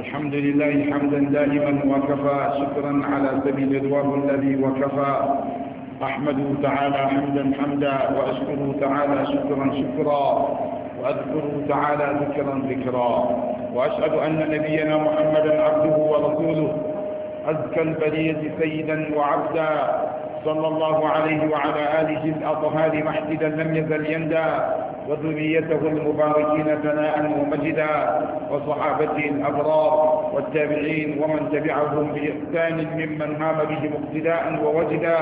الحمد لله حمدا دائما وكفى شكرا على سبيل الواه الذي وكفى أحمده تعالى حمدا حمدا وأشكره تعالى شكرا شكرا وأذكره تعالى ذكرا ذكرا وأشهد أن نبينا محمدا عبده ورسوله أزكى البرية سيدا وعبدا صلى الله عليه وعلى آله الأطهار محددا لم يزل يندى وذريته المباركين ثناء ومجدا وصحابته الأبرار والتابعين ومن تبعهم بإحسان ممن هام بهم اقتداء ووجدا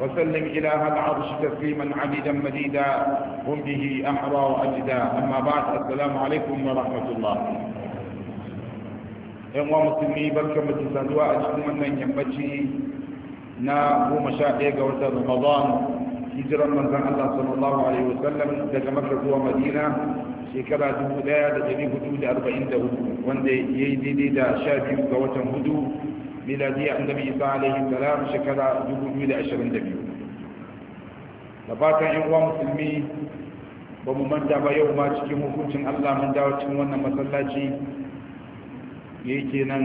وسلم إله العرش تسليما عديدا مديدا هم به أحرى وأجدا أما بعد السلام عليكم ورحمة الله ان wa musulmi barkan mutum saduwa a cikin wannan yammaci na goma رمضان hijiran manzon Allah sallallahu alaihi wasallam daga Makka zuwa Madina shekara 1444 wanda ya yi daidai da 12 ga watan hudu miladiya annabi Isa alaihi salam shekara 2022 da fatan yan uwa musulmi ba mu manta ba yau ma cikin hukuncin Allah mun dawo cikin wannan masallaci yake nan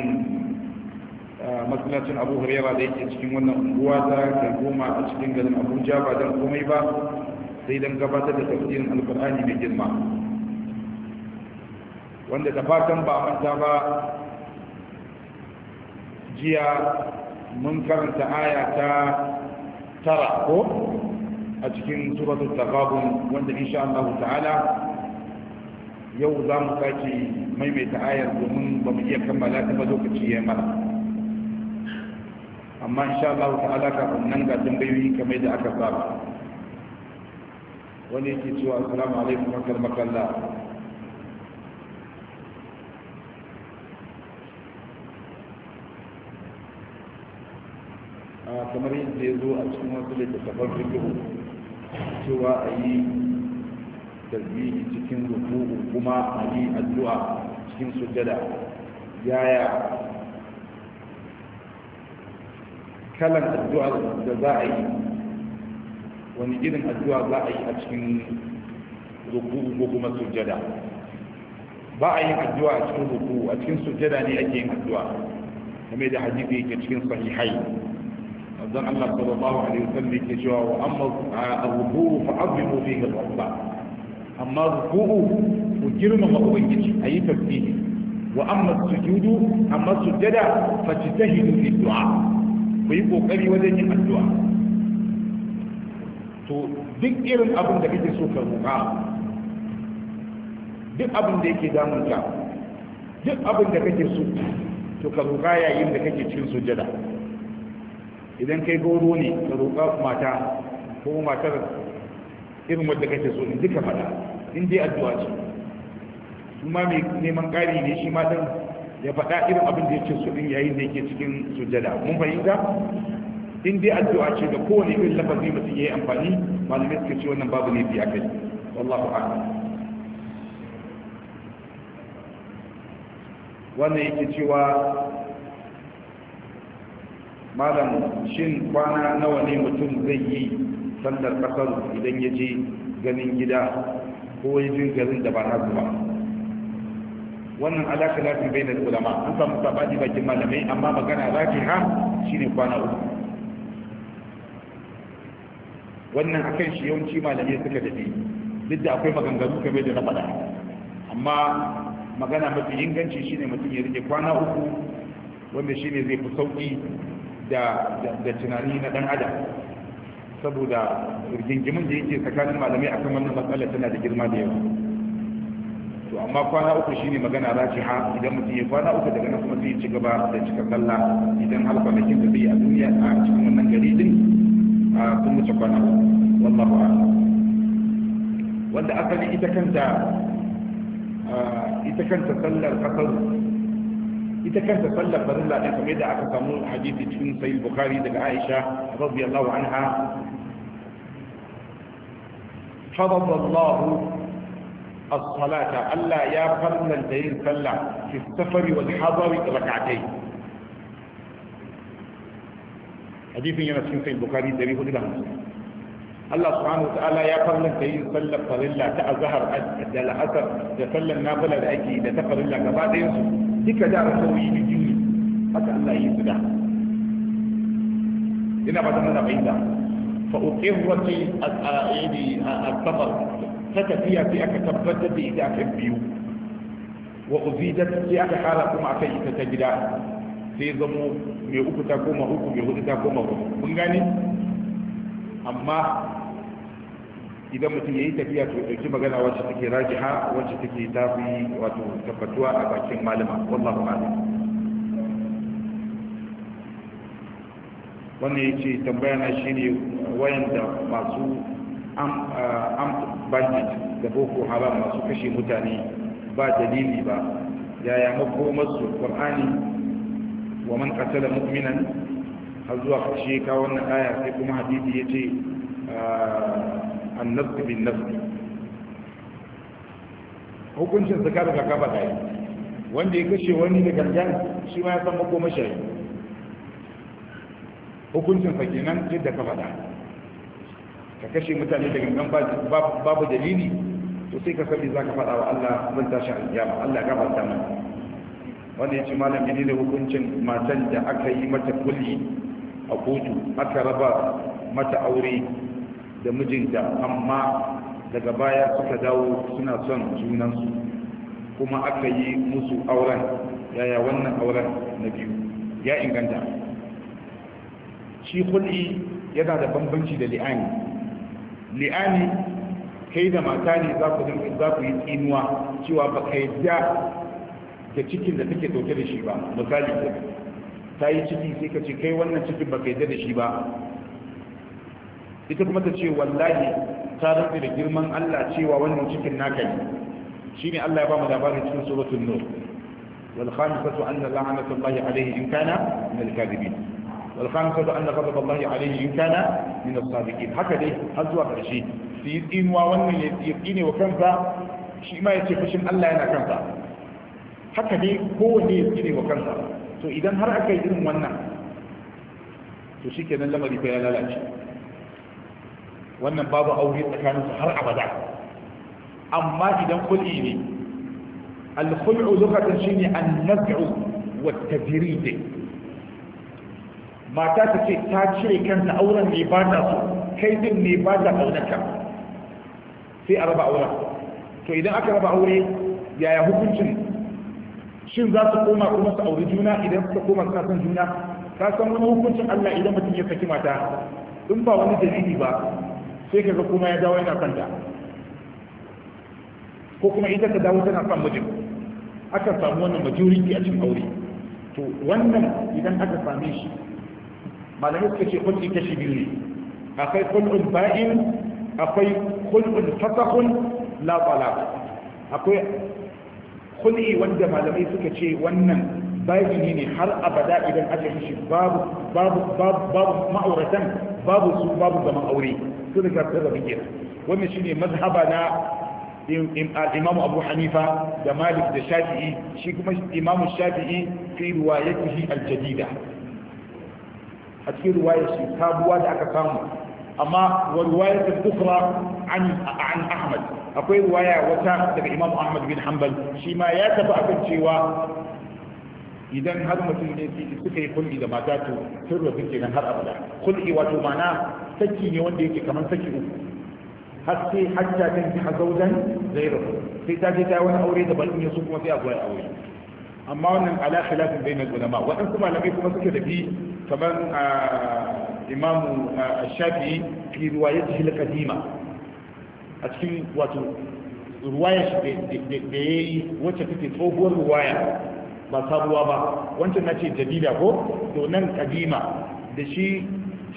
masallacin abu hurera da yake cikin wannan unguwa ta kai goma a cikin garin abuja ba don komai ba sai don gabatar da tafsirin alkur'ani mai girma wanda da fatan ba manta ba jiya mun karanta aya ta tara ko a cikin suratul wanda insha Allah ta'ala yau za mu sake maimaita ayar domin ba mu iya kammala ta ba lokaci ya mara amma insha Allah alaka kafin nan ga tambayoyi kamar da aka saba wani yake cewa assalamu alaikum akal makalla kamar yadda ya zo a cikin wasu tafar fikihu cewa a yi tarbihi cikin rukuku kuma a yi addu'a cikin sujada yaya kalan addu'a da za a yi wani irin addu'a za a yi a cikin ruku'u ko kuma sujada. ba a yin addu'a a cikin ruku'u a cikin sujada ne ake yin addu'a kuma da hadisi yake cikin sahihai manzon Allah sallallahu alaihi wasallam yake cewa wa amma ar-ruku'u fa'azzimu fihi rabba amma ruku'u ku girmama ubangiji ayi tasbihi wa amma sujudu amma sujjada fajtahidu fi du'a ku yi kokari wajen yin addu'a to duk irin abin da kake so ka roƙa duk abin da yake damun ka duk abin da kake so to ka roƙa yayin da kake cikin sujada idan kai goro ne ka roƙa mata ko matar irin wadda kake so in duka fada in dai addu'a ce kuma mai neman ƙari ne shi ma ɗan ya faɗa irin abin da yake so ɗin yayin da yake cikin sujada mun fahimta in dai addu'a ce da kowane irin lafazi mutum yi amfani malamai suka ce wannan babu ne biya kai wallahu a'lam wannan yake cewa malam shin kwana nawa ne mutum zai yi sandar kasar idan ya je ganin gida ko ya je garin da ba na wannan alaka lafin bai da ulama an samu sabani bakin malamai amma magana ki ha shine kwana uku wannan akan shi yawanci malamai suka tafi duk da akwai maganganu kamar da na faɗa amma magana mafi inganci shine mutum ya rike kwana uku wanda shine zai fi sauki da tunani na dan adam saboda rigingimin da yake tsakanin malamai akan wannan matsala tana da girma da yawa to amma kwana uku shine magana rajiha idan mutum ya kwana uku daga nan kuma zai ci gaba da cika sallah idan har kwanakin da zai a duniya a cikin wannan gari din a sun wuce kwana uku wallahu a'lam wanda asali ita kanta ita kanta sallar kasar ita kanta sallar farilla din kamar yadda aka samu hadisi cikin sahih bukhari daga aisha radiyallahu anha فرض الله الصلاة ألا يا فرن البيل صلى في السفر والحضر ركعتين حديث في البخاري بخاري دريه لله الله سبحانه وتعالى يا فرن البيل فلا فر الله تأزهر أدل أثر يفلا النافلة الأجي لتفر الله كبعد ينسو تك دار سوي بجوني حتى أن الله يفدع إنا بدنا نبعيدا فأقرتي آه، آه، السفر ta tafiya sai aka tabbatar da ita akan biyu wa uzidat sai aka kara kuma akan ita ta gida sai zamo mai uku ta koma uku mai hudu ta koma hudu kun gane amma idan mutum ya yi tafiya to ɗauki magana wacce take rajiha wacce take tafi wato tabbatuwa a bakin malama wallahu a'lam wannan ya ce tambaya na shine wayanda masu am bandit da boko haram masu kashe mutane ba dalili ba yaya makomarsu qur'ani wa man qatala mu'minan har zuwa kashe ka wannan aya sai kuma hadisi yace annabtu bin nafsi hukuncin zaka daga kaka ba dai wanda ya kashe wani da gargan shi ma ya san makomar shari'a hukuncin sa kenan yadda ka faɗa ka kashe mutane da gangan babu dalili to sai ka sabi za ka faɗa wa Allah zan tashi aljama Allah ya gafarta mana wanda ya ce malam ne da hukuncin matan da aka yi mata kulli a kotu aka raba mata aure da mijinta amma daga baya suka dawo suna son junansu kuma aka yi musu auren yaya wannan auren na biyu ya inganta shi kulli yana da bambanci da li'ani li'ani kai da mata ne za ku dinga za ku yi tsinuwa cewa ba ka yadda da cikin da take dauke da shi ba misali ta yi ciki sai ka ce kai wannan cikin ba ka yadda da shi ba ita kuma ta ce wallahi ta rantsa da girman Allah cewa wannan cikin naka ne shine Allah ya ba mu labarin cikin suratul nur wal khamisatu anna la'natullahi alayhi in kana min al-kadhibin والخامسة أن غضب الله عليه إن كان من الصادقين هكذا هزوا قرشي في إنوا وأن يقيني وكنفا شيء ما يتفشن ألا أنا كنفا هكذا هو اللي يقيني وكنفا تو إذا هر أكيد إنه ونا to shi kenan lamari fa ya lalace wannan babu aure tsakanin su har abada amma idan kul'i ne al-khul'u lugatan shine an-naz'u wa at-tadrid mata ta ce ta cire kanta auren ne ba ta so kai din ne ba ta kaunarka sai a raba auren to idan aka raba aure yaya hukuncin shin za su koma kuma su auri juna idan suka koma suna son juna ka san wani hukuncin Allah idan mutum ya saki mata in ba wani dalili ba sai kaga kuma ya dawo yana kanta ko kuma ita ta dawo tana son mijin aka samu wannan majority a cikin aure to wannan idan aka same shi malamai suka ce kulki kashi biyu ne akwai kul'un ba'in akwai kul'un fasahun la akwai kul'i wanda malamai suka ce wannan bajini ne har abada idan aka shi babu babu babu ma'auratan babu su babu zaman aure su da kafin da bigir wannan shine mazhaba na imamu abu hanifa da malik da shafi'i shi kuma imamu shafi'i fi riwayatihi al-jadida a cikin ruwayar shi sabuwa da aka samu amma wa ruwayar ta dukra an an ahmad akwai ruwaya wata daga imam ahmad bin hanbal shi ma ya tafi akan cewa idan har mutum ne su suka yi kulli da mata to sun rabu kenan har abada kulli wato ma'ana saki ne wanda yake kamar saki uku har sai hajja ta ta zaujan zai rabu sai ta je ta wani aure da balin su kuma sai a goya aure amma wannan ala khilafin bai na ulama waɗansu malamai kuma suke tafi kamar imamu shafi fi ruwayar shi kadima a cikin wato ruwayar shi da ya yi wacce take tsohuwar ruwaya ba sabuwa ba wancan na ce jadida ko to nan kadima da shi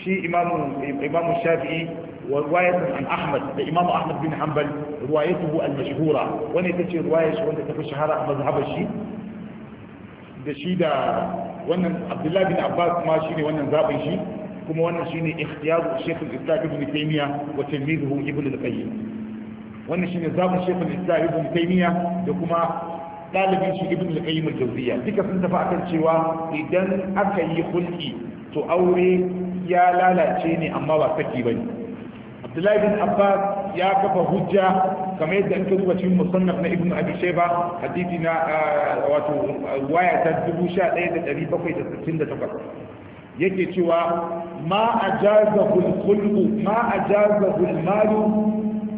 shi imamu shafi'i ورواية عن أحمد الإمام أحمد بن حنبل روايته المشهورة وأنا تشي رواية وأنت تفي شهارة مذهب shi. da shi da wannan abdullahi bin abbas ma shi ne wannan zaɓin shi kuma wannan shi ne ikhtiyaru shekul islam ibn taymiya wa tilmizuhu ibn al-qayyim wannan shi ne zaɓin shekul islam ibn taymiya da kuma ɗalibin shi ibn al-qayyim al-jawziyya duka sun tafi akan cewa idan aka yi hulki to aure ya lalace ne amma ba saki bane abdullahi bin abbas ya kafa hujja kamar yadda an duba cikin musannaf na ibnu abi shayba hadisi na wato waya ta 11768 yake cewa ma ajazahu al-khulqu ma ajazahu al-malu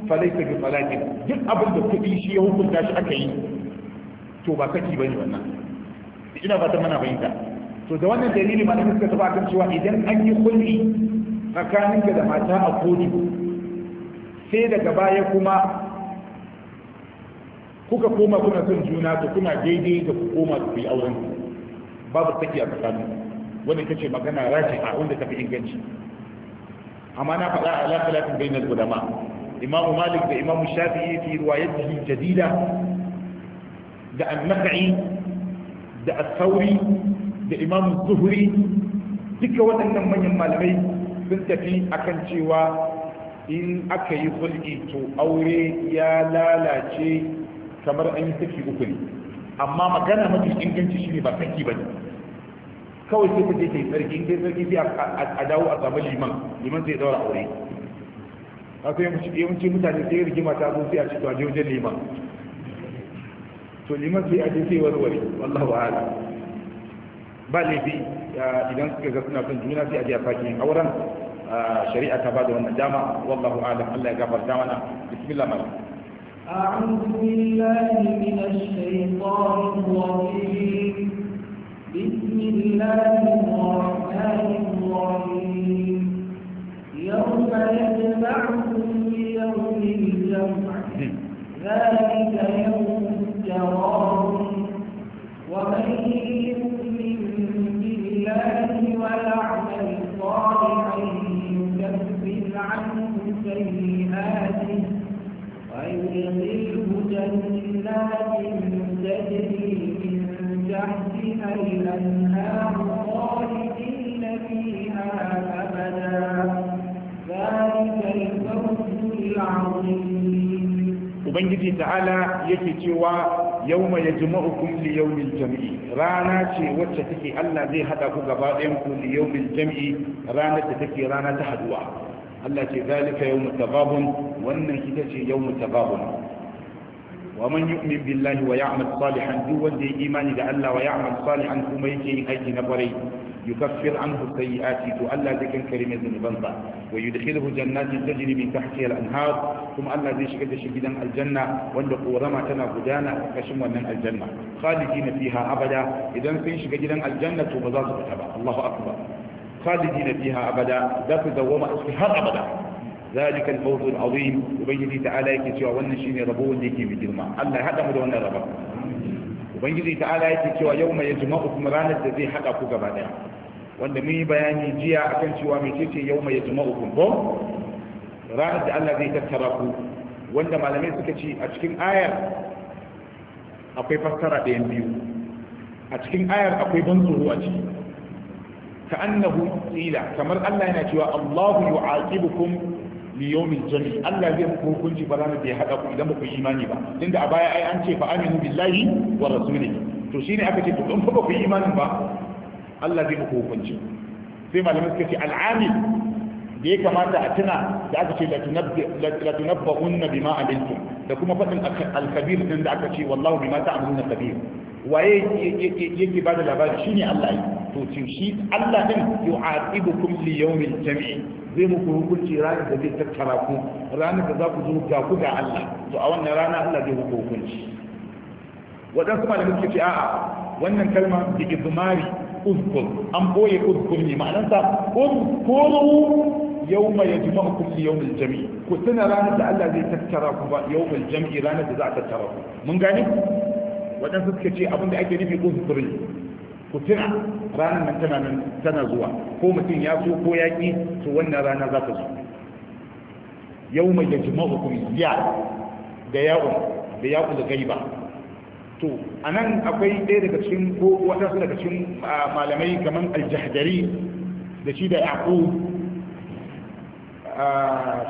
falaysa bi talaqin duk abin da kudi shi ya hukunta shi aka yi to ba saki bane wannan ina ba ta mana bayyana to da wannan dalili ma da suka tafi kan cewa idan an yi kulli tsakaninka da mata a kodi sai daga baya kuma kuka koma kuna son juna to kuna daidai da ku koma ku yi auren babu saki a tsakanin wanda kace magana rashi a wanda tafi inganci amma na faɗa ala khilafin bainal ulama imam malik da imam shafi'i fi riwayatihi jadida da an-nafi da as-sauri da imam zuhri duka waɗannan manyan malamai sun tafi akan cewa in aka yi hulki to aure ya lalace kamar an yi saki uku ne amma magana mafi inganci shi shine ba saki ba ne kawai sai ku je kai sarki in kai sarki sai a dawo a samu liman liman zai daura aure haka yawanci mutane sai rigima ta zo sai a cikin aje wajen liman to liman sai a je sai warware wallahu a'lam ba laifi idan suka ga suna son juna sai a aje a faki auren ah, shari'a ta ba da wannan dama wallahu a'lam Allah ya gafarta mana bismillah malam أعوذ بالله من الشيطان الرجيم بسم الله الرحمن الرحيم يوم يجمعكم ليوم الجمع ذلك يوم الجرار ومن يؤمن بالله ويعمل صالحا يكفر عنه سيئا وندخله جنات تجري Ubangiji ta'ala yake cewa yawma yajma'ukum li yawmil jam'i rana ce wacce take Allah zai hada ku gaba ɗayan ku li yawmil jam'i rana da take rana ta haduwa Allah ce zalika yawmu tababun wannan ita ce yawmu tababun wa man yu'min billahi wa ya'mal salihan duk wanda ya imani da Allah wa ya'mal salihan kuma yake yin aiki na kwarai yukaffir anhu sayyi'ati to Allah zai kankare mai zunubansa wa yudkhiluhu jannatin tajri min tahtiha al-anhar kuma Allah zai shiga da shi gidan aljanna wanda korama tana gudana a kashin wannan aljanna khalidina fiha abada idan sun shiga gidan aljanna to ba za su fita ba Allahu akbar خالدين فيها أبدا ذات دوما أسفها أبدا ذلك الفوز العظيم وبيجي تعالى يكتشوا والنشين ربو ليكي بجرما الله هذا مدونا ربا وبيجي تعالى يكتشوا يوم يجمعكم رانا الذي حقكم بعدها wanda mun yi bayani jiya akan cewa mai cece yau mai yajima ukun ko ranar da Allah zai tattara ku wanda malamai suka ce a cikin ayar akwai ɗayan biyu a cikin ayar akwai ban tsoro a ciki ka'annahu qila kamar Allah yana cewa Allahu yu'aqibukum li yawmil jami Allah zai muku hukunci ba ranar da ya hada ku idan ba ku imani ba tunda a baya ai an ce fa aminu billahi wa rasulihi to shine aka ce to in fa ba ku imanin ba Allah zai muku hukunci sai malamai suka ce al'amil da ya kamata a tuna da aka ce la tunabba'unna bima da kuma faɗin Alkabir din da aka ce wallahu bima ta'maluna kabir waye yake ba da labari Shi ne Allah yi to shi Allah din yu'aqibukum li yawmil jami'i. zai muku hukunci ranar da zai tattara ku ranar da za ku zo ga ku ga Allah to a wannan rana Allah zai muku hukunci wadansu malamin suke a'a wannan kalma da izmari uzkur an boye uzkur ne ma'anarsa uzkuru Allah zai tattara ku ba رانا الله زي تتركوا يوم الجميع رانا زي تتركوا من قال waɗansu suka ce abin da ake nufi ko sufuri ku tuna ranar nan tana nan tana zuwa ko mutum ya zo ko ya ki to wannan rana za ta zo yau mai da jima'ukum ya da ya'un da ya'un da gaiba to a nan akwai ɗaya daga cikin ko waɗansu daga cikin ah, malamai kamar aljahdari da shi da yaƙo.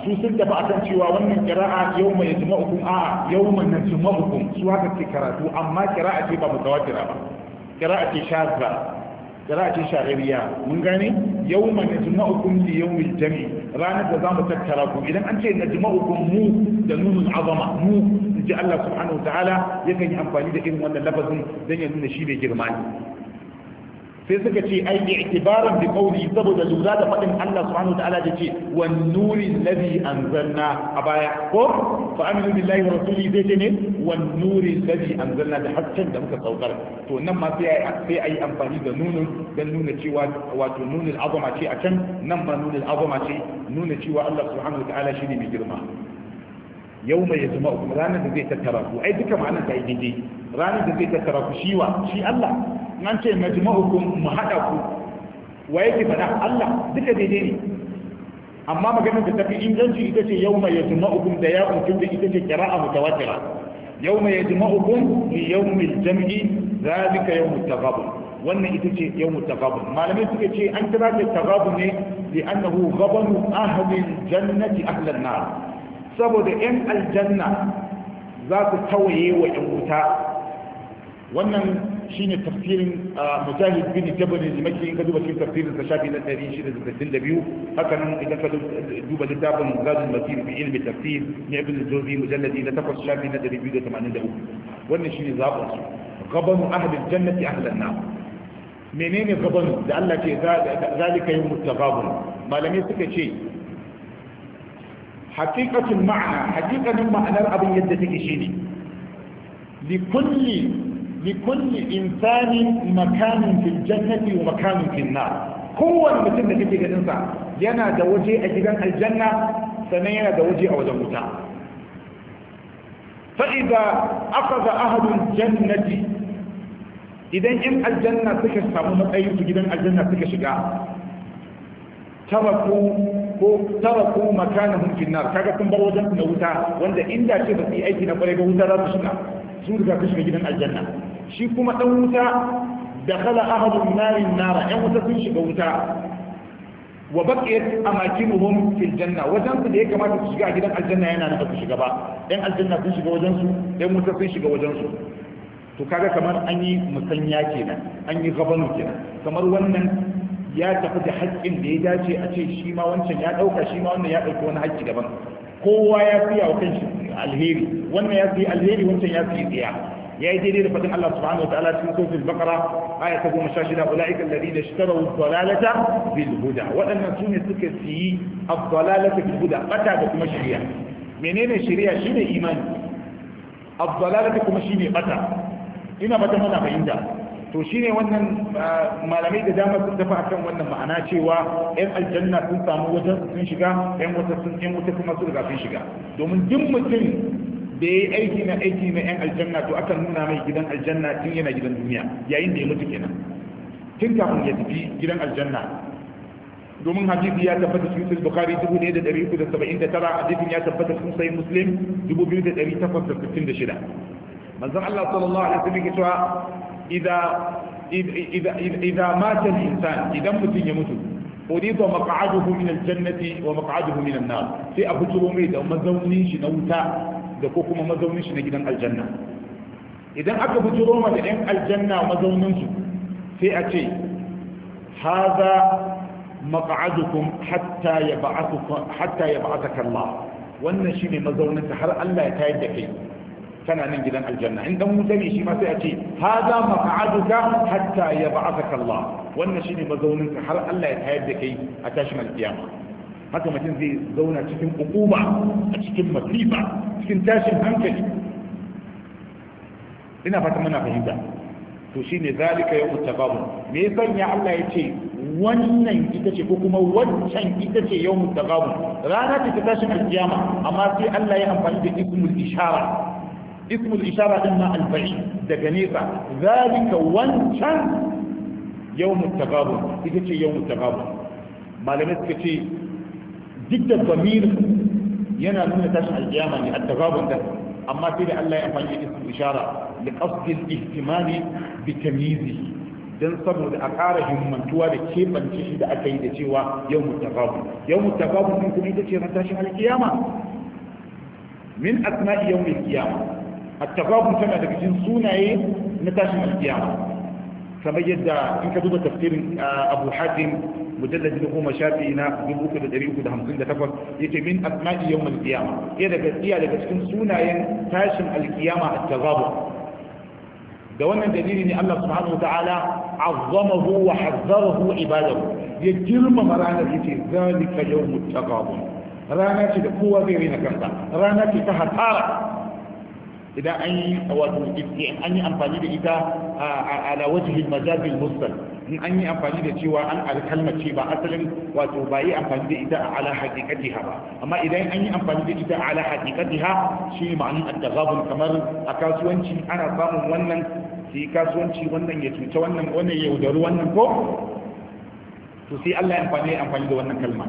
su sun tafi akan cewa wannan kira'a yau mai tuma hukum a yau mai na tuma hukum su haka ke karatu amma kira'a ce ba mutawatira ba kira'a ce shazza kira'a ce shagiriya mun gane yau mai na tuma hukum li yau mai jami ranar da za mu tattara ku idan an ce na tuma hukum mu da nunin azama mu in ji Allah subhanahu wa ta'ala yakan yi amfani da irin wannan lafazin don ya nuna shi bai girma ne sai suka ce ai bi itibaran bi qawli saboda lura da fadin Allah subhanahu ta'ala da ce wan nuri allazi anzalna a baya ko fa aminu billahi wa rasuli zai ce ne wan nuri allazi anzalna da haccen da muka saukar to nan ma sai sai ai amfani da nunun dan nuna cewa wato nunul azama ce a can nan ma nunul azama ce nuna cewa Allah subhanahu wataala shine mai girma yau mai zama ranar da zai tattara ku ai duka ma'anar ta yi daidai ranar da zai tattara ku shi wa shi Allah nan ce na jima'ukum mu haɗa ku wa yake faɗa Allah duka daidai ne amma maganar da tafi inganci ita ce yau mai yajma'ukum da ya kuntum da ita ce kira'a mutawatira yau mai yajma'ukum li yawmil jam'i zalika yawmut taghabun wannan ita ce yawmut taghabun malamai suka ce an kira ta taghabun ne li annahu ghabanu ahli jannati ahli an-nar saboda yan aljanna za su tawaye wa yan wuta wannan shine tafsirin mujahid bin jabal al-makki in ka duba cikin tafsirin sa shafi na 662 haka nan idan ka duba littafin gadul masir fi ilmi tafsir ni ibn al-jawzi mujalladi na 8 shafi na 283 wannan shine zabon su gaban ahli al-jannati ahli an-nar menene gaban da Allah ke zalika yin mutagabun malamai suka ce haqiqatul ma'ana haqiqatul ma'anar abin yadda take shine li kulli likulli insani makamin fil jannati wa makamin fil nar mutum da kake ganin sa yana da waje a gidan aljanna sannan yana da waje a wajen wuta fa idza akhadha ahadul jannati idan in aljanna suka samu matsayin gidan aljanna suka shiga ko taraku makanahum fi nar kaga sun bar wajen na wuta wanda inda ce ba su yi aiki na kwarai ga wuta za su shiga su riga ka shiga gidan aljanna shi kuma ɗan wuta da kala ahadun narin nara ‘yan wuta sun shiga wuta wa baƙiyar a makinuhun fil janna wajen su da ya kamata su shiga a gidan aljanna yana da su shiga ba ‘yan aljanna sun shiga wajen su ‘yan wuta sun shiga wajen su to kaga kamar an yi musanya kenan an yi gabanu kenan kamar wannan ya tafi da haƙƙin da ya dace a ce shi ma wancan ya ɗauka shi ma wannan ya ɗauki wani haƙƙi daban kowa ya fiya wa kanshi alheri wannan ya fi alheri wancan ya fi tsiya Ya yi daidai da fadin Allah subhanahu ta'ala cikin suratul baqara aya ta 16 ulaika alladhina ishtaraw ad-dalalata bil huda wadannan sune suka siyi ad-dalalata bil huda bata da kuma shari'a menene shari'a shine imani ad-dalalata kuma shine bata ina bata mana fahimta to shine wannan malamai da dama sun tafi akan wannan ma'ana cewa yan aljanna sun samu wajen sun shiga yan wata sun yan wata kuma sun sun shiga domin duk mutum da ya yi aiki na aiki na yan aljanna to akan nuna mai gidan aljanna tun yana gidan duniya yayin da ya mutu kenan tun kafin ya tafi gidan aljanna domin hadisi ya tabbata cikin sahih bukhari 1379 hadisin ya tabbata cikin sahih muslim 2866 manzon Allah sallallahu alaihi wasallam ya cewa idza idza mata al-insan idan mutum ya mutu uridu maq'aduhu min al-jannati wa maq'aduhu min an-nar sai a fito mai da mazaunin shi na wuta da ko kuma mazaunin shi na gidan aljanna idan aka bujiro ma da yan aljanna mazaunin su sai a ce haza maq'adukum hatta yab'athukum hatta yab'athaka Allah wannan shine mazaunin ka har Allah ya tayar da kai kana nan gidan aljanna in dan wuta ne shi ma sai a ce haza maq'aduka hatta yab'athaka Allah wannan shine mazaunin ka har Allah ya tayar da kai a tashin alkiyama haka mutum zai zauna cikin ukuba a cikin masifa cikin tashin hankali ina fata muna fahimta to shi shine zalika ya utababu me yasan ya Allah ya ce wannan ita ce ko kuma wancan ita ce yau mutagabu rana ce ta tashin alkiyama amma sai Allah ya amfani da ismul ishara ismul ishara din ma alba'i daga nesa zalika wancan yau mutagabu ita ce yau mutagabu malamai suka ce duk da zamir yana nuna tashin alƙiyama ne a tagabun da amma sai da Allah ya amfani da ismul ishara li qasdil ihtimali bi tamyizi dan saboda a ƙara himmantuwa da keɓance shi da aka yi da cewa yau mutagabu yau mutagabu din kuma ita ce ran tashin alkiyama min asma'i yawmil qiyama A tagabu tana daga cikin sunaye na tashin alƙiyama. كما يدى إن كدوبة تفكير آه، أبو حاتم مجلد نقوم شافينا بموكة دريوكة دهم زندة تفر يتي من أسماء يوم القيامة إذا إيه قد إيا لكسكم سونا ينتاشم القيامة التغابة دوانا دليل إن الله سبحانه وتعالى عظمه وحذره عباده يجرم مرانا يتي ذلك يوم التغابة رانا تدقوا غيرنا كنتا رانا تتهتارك idan an yi wato an yi amfani da ita a ala wajhil majazil mustal in an yi amfani da cewa an alkalma ce ba asalin wato ba yi amfani da ita a ala haqiqatiha ba amma idan an yi amfani da ita a ala haqiqatiha shi ma'anin at kamar a kasuwanci ana samun wannan sai kasuwanci wannan ya cuta wannan wannan ya yaudaru wannan ko to sai Allah ya amfani amfani da wannan kalma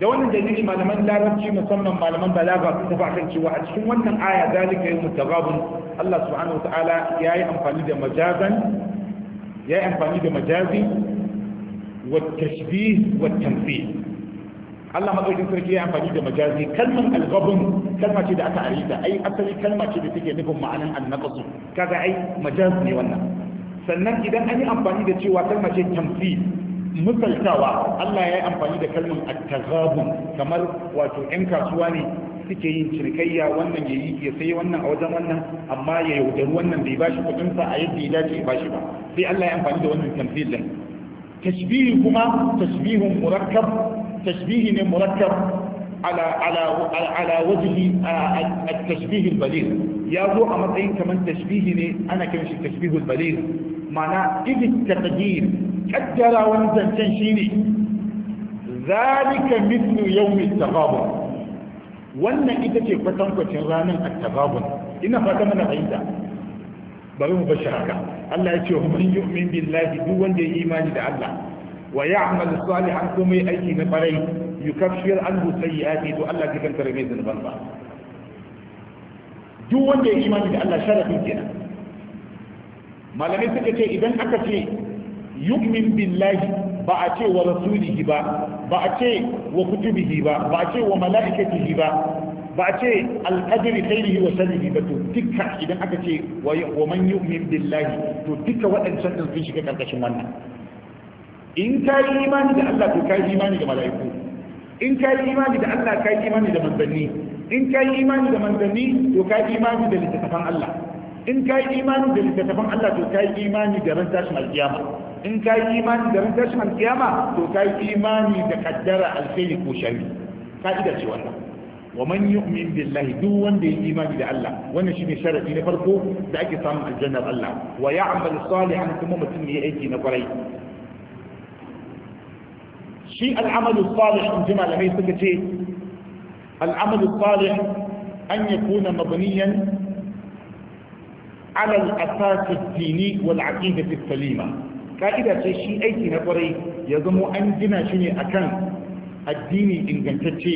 da wannan dalili malaman larabci musamman malaman balaga su tafi akan cewa a cikin wannan aya zalika yawmu tagabun Allah subhanahu wa ta'ala yayi amfani da majazan yayi amfani da majazi wa tashbih wa tamthil Allah madaukin sarki yi amfani da majazi kalman al-ghabun kalma ce da aka arita ai asali kalma ce da take nufin ma'anan an kaga ai majaz ne wannan sannan idan an yi amfani da cewa kalma ce tamthil misaltawa Allah ya yi amfani da kalmar at-taghabun kamar wato ɗan kasuwa ne suke yin cinikayya wannan ya yi ya sai wannan a wajen wannan amma ya yaudari wannan bai bashi kuɗin sa a yadda ya dace ya bashi ba sai Allah ya amfani da wannan tamthil din tashbihi kuma tashbihun murakkab tashbihi ne murakkab ala ala ala wajhi at-tashbih al-baligh ya zo a matsayin kamar tashbihi ne ana kiran shi tashbih al-baligh ma'ana idan taqdir kaddara wani zancen shi ne zalika mislu yawmi tagabun wannan ita ce kwatankwacin ranar at-tagabun ina fata mana fahimta bari mu bashi haka Allah ya ce wa man yu'min billahi duk wanda ya imani da Allah wa ya'mal salihan kuma ya aiki na barai? kwarai yukaffir anhu sayyi'ati to Allah ya zai kankare mai zunuban ba. duk wanda ya imani da Allah sharafin kenan malamai suka ce idan aka ce Yukmin billahi ba a ce wa rasulihi ba ba a ce wa kutubihi ba ba a ce wa mala'ikatihi ba ba a ce al'ajiri khairihi wa sharrihi ba to dukka idan aka ce wa man yu'min billahi to dukka waɗancan din sun shiga karkashin wannan in ka yi imani da Allah to ka yi imani da mala'iku in ka yi imani da Allah ka yi imani da manzanni in ka yi imani da manzanni to ka yi imani da littattafan Allah in ka yi imani da littattafan Allah to ka yi imani da ran tashin alkiyama in ka yi imani da ran tashin alkiyama to ka yi imani da kaddara alkhairi ko shari ka'ida ce wannan wa man yu'min billahi duk wanda ya imani da Allah wannan shine sharadi na farko da ake samun aljannar Allah wa ya'mal salihan kuma mutum ne aiki na kwarai shi al'amalu salih in ji malamai suka ce al'amalu salih an ya kuna yakuna mabniyan على الأساس الديني والعقيدة Salima? ka'ida ce shi aiki na kwarai ya zama an gina shi ne a kan addini ingantacce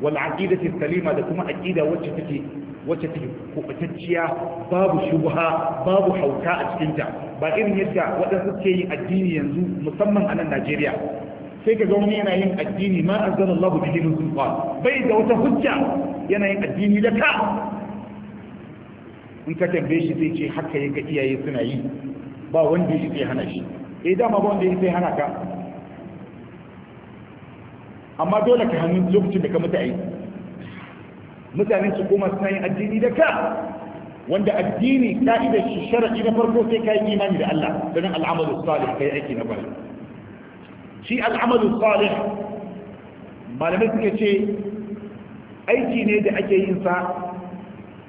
wal aqidati salima da kuma aqida wacce take wacce take kubutacciya babu shubuha babu hauka a cikin ta ba irin yadda waɗansu suke yin addini yanzu musamman a nan Najeriya sai ka ga wani yana yin addini ma anzalallahu bihi min sultan bai da wata hujja yana yin addini da ka in ka tambaye shi zai ce haka yaga iyaye suna yi ba wanda ya isa hana shi eh dama ba wanda ya isa hana ka amma dole ka hannu lokacin da ka mutu ai mutanen su kuma suna yin addini da ka wanda addini ka'ida shi shar'i na farko sai kai imani da Allah sanan al'amalu salih kai aiki na bari shi al'amalu salih malamai suka ce aiki ne da ake yin sa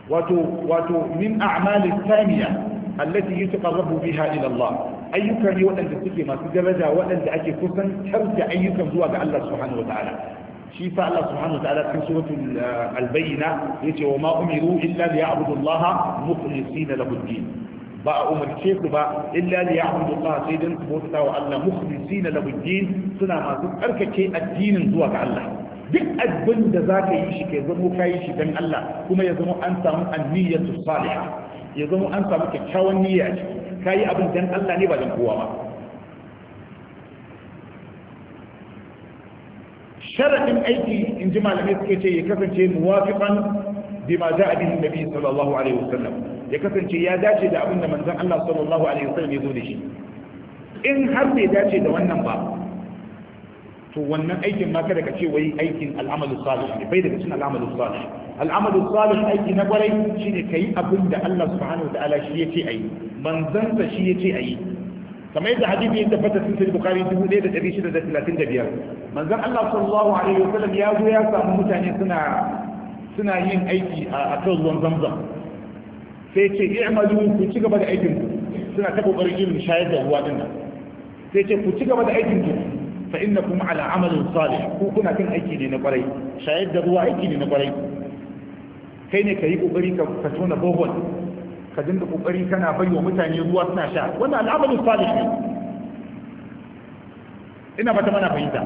wato wato min amalin thaniya allati yutaqarrabu biha ila Allah ayyuka ne waɗanda suke masu daraja waɗanda ake kusantar da ayyukan zuwa ga Allah subhanahu wataala shi fa Allah subhanahu wataala cikin suratul uh, al yace wa ma umiru illa liya'budu Allah mukhlisina lahu ad-din ba a umarce su ba illa li Allah sai dan su bauta wa Allah mukhlisina lahu ad-din suna masu tsarkake addinin zuwa ga Allah duk abin da zaka yi shi ke zamo kai shi dan Allah kuma ya zamo an samu anniyatu salihah ya zama an samu kyakkyawan niyya ce ka yi abin dan Allah ne ba dan kowa ba sharaɗin aiki in ji malamai suka ce ya kasance muwafiqan bima ja'a bihi nabi sallallahu alaihi wasallam ya kasance ya dace da abin da manzon Allah sallallahu alaihi wasallam ya zo da shi in har bai dace da wannan ba to wannan aikin ma kada ka ce wai aikin al'amalu salih ne bai daga cikin al'amalu salih al'amalu salih aiki na kwarai shine kai abin da Allah subhanahu wataala shi yace ayi manzansa shi yace ayi kamar yadda hadisi ya tabbata cikin sahih bukhari 1635 manzon Allah sallallahu alaihi wasallam ya zo ya samu mutane suna suna yin aiki a kan ruwan zamzam sai ce i'malu ku ci gaba da aikin suna ta kokarin yin shayar da ruwa din sai ce ku ci gaba da aikin ku فإنكم على عمل صالح كنا كن أيكي لنقري شايد دغوا أيكي لنقري كينا كريب أبريك فتون بوغل فدند أبريك نابي ومتان يدوا سناشا وانا العمل الصالح إنا بتمنى فإنسا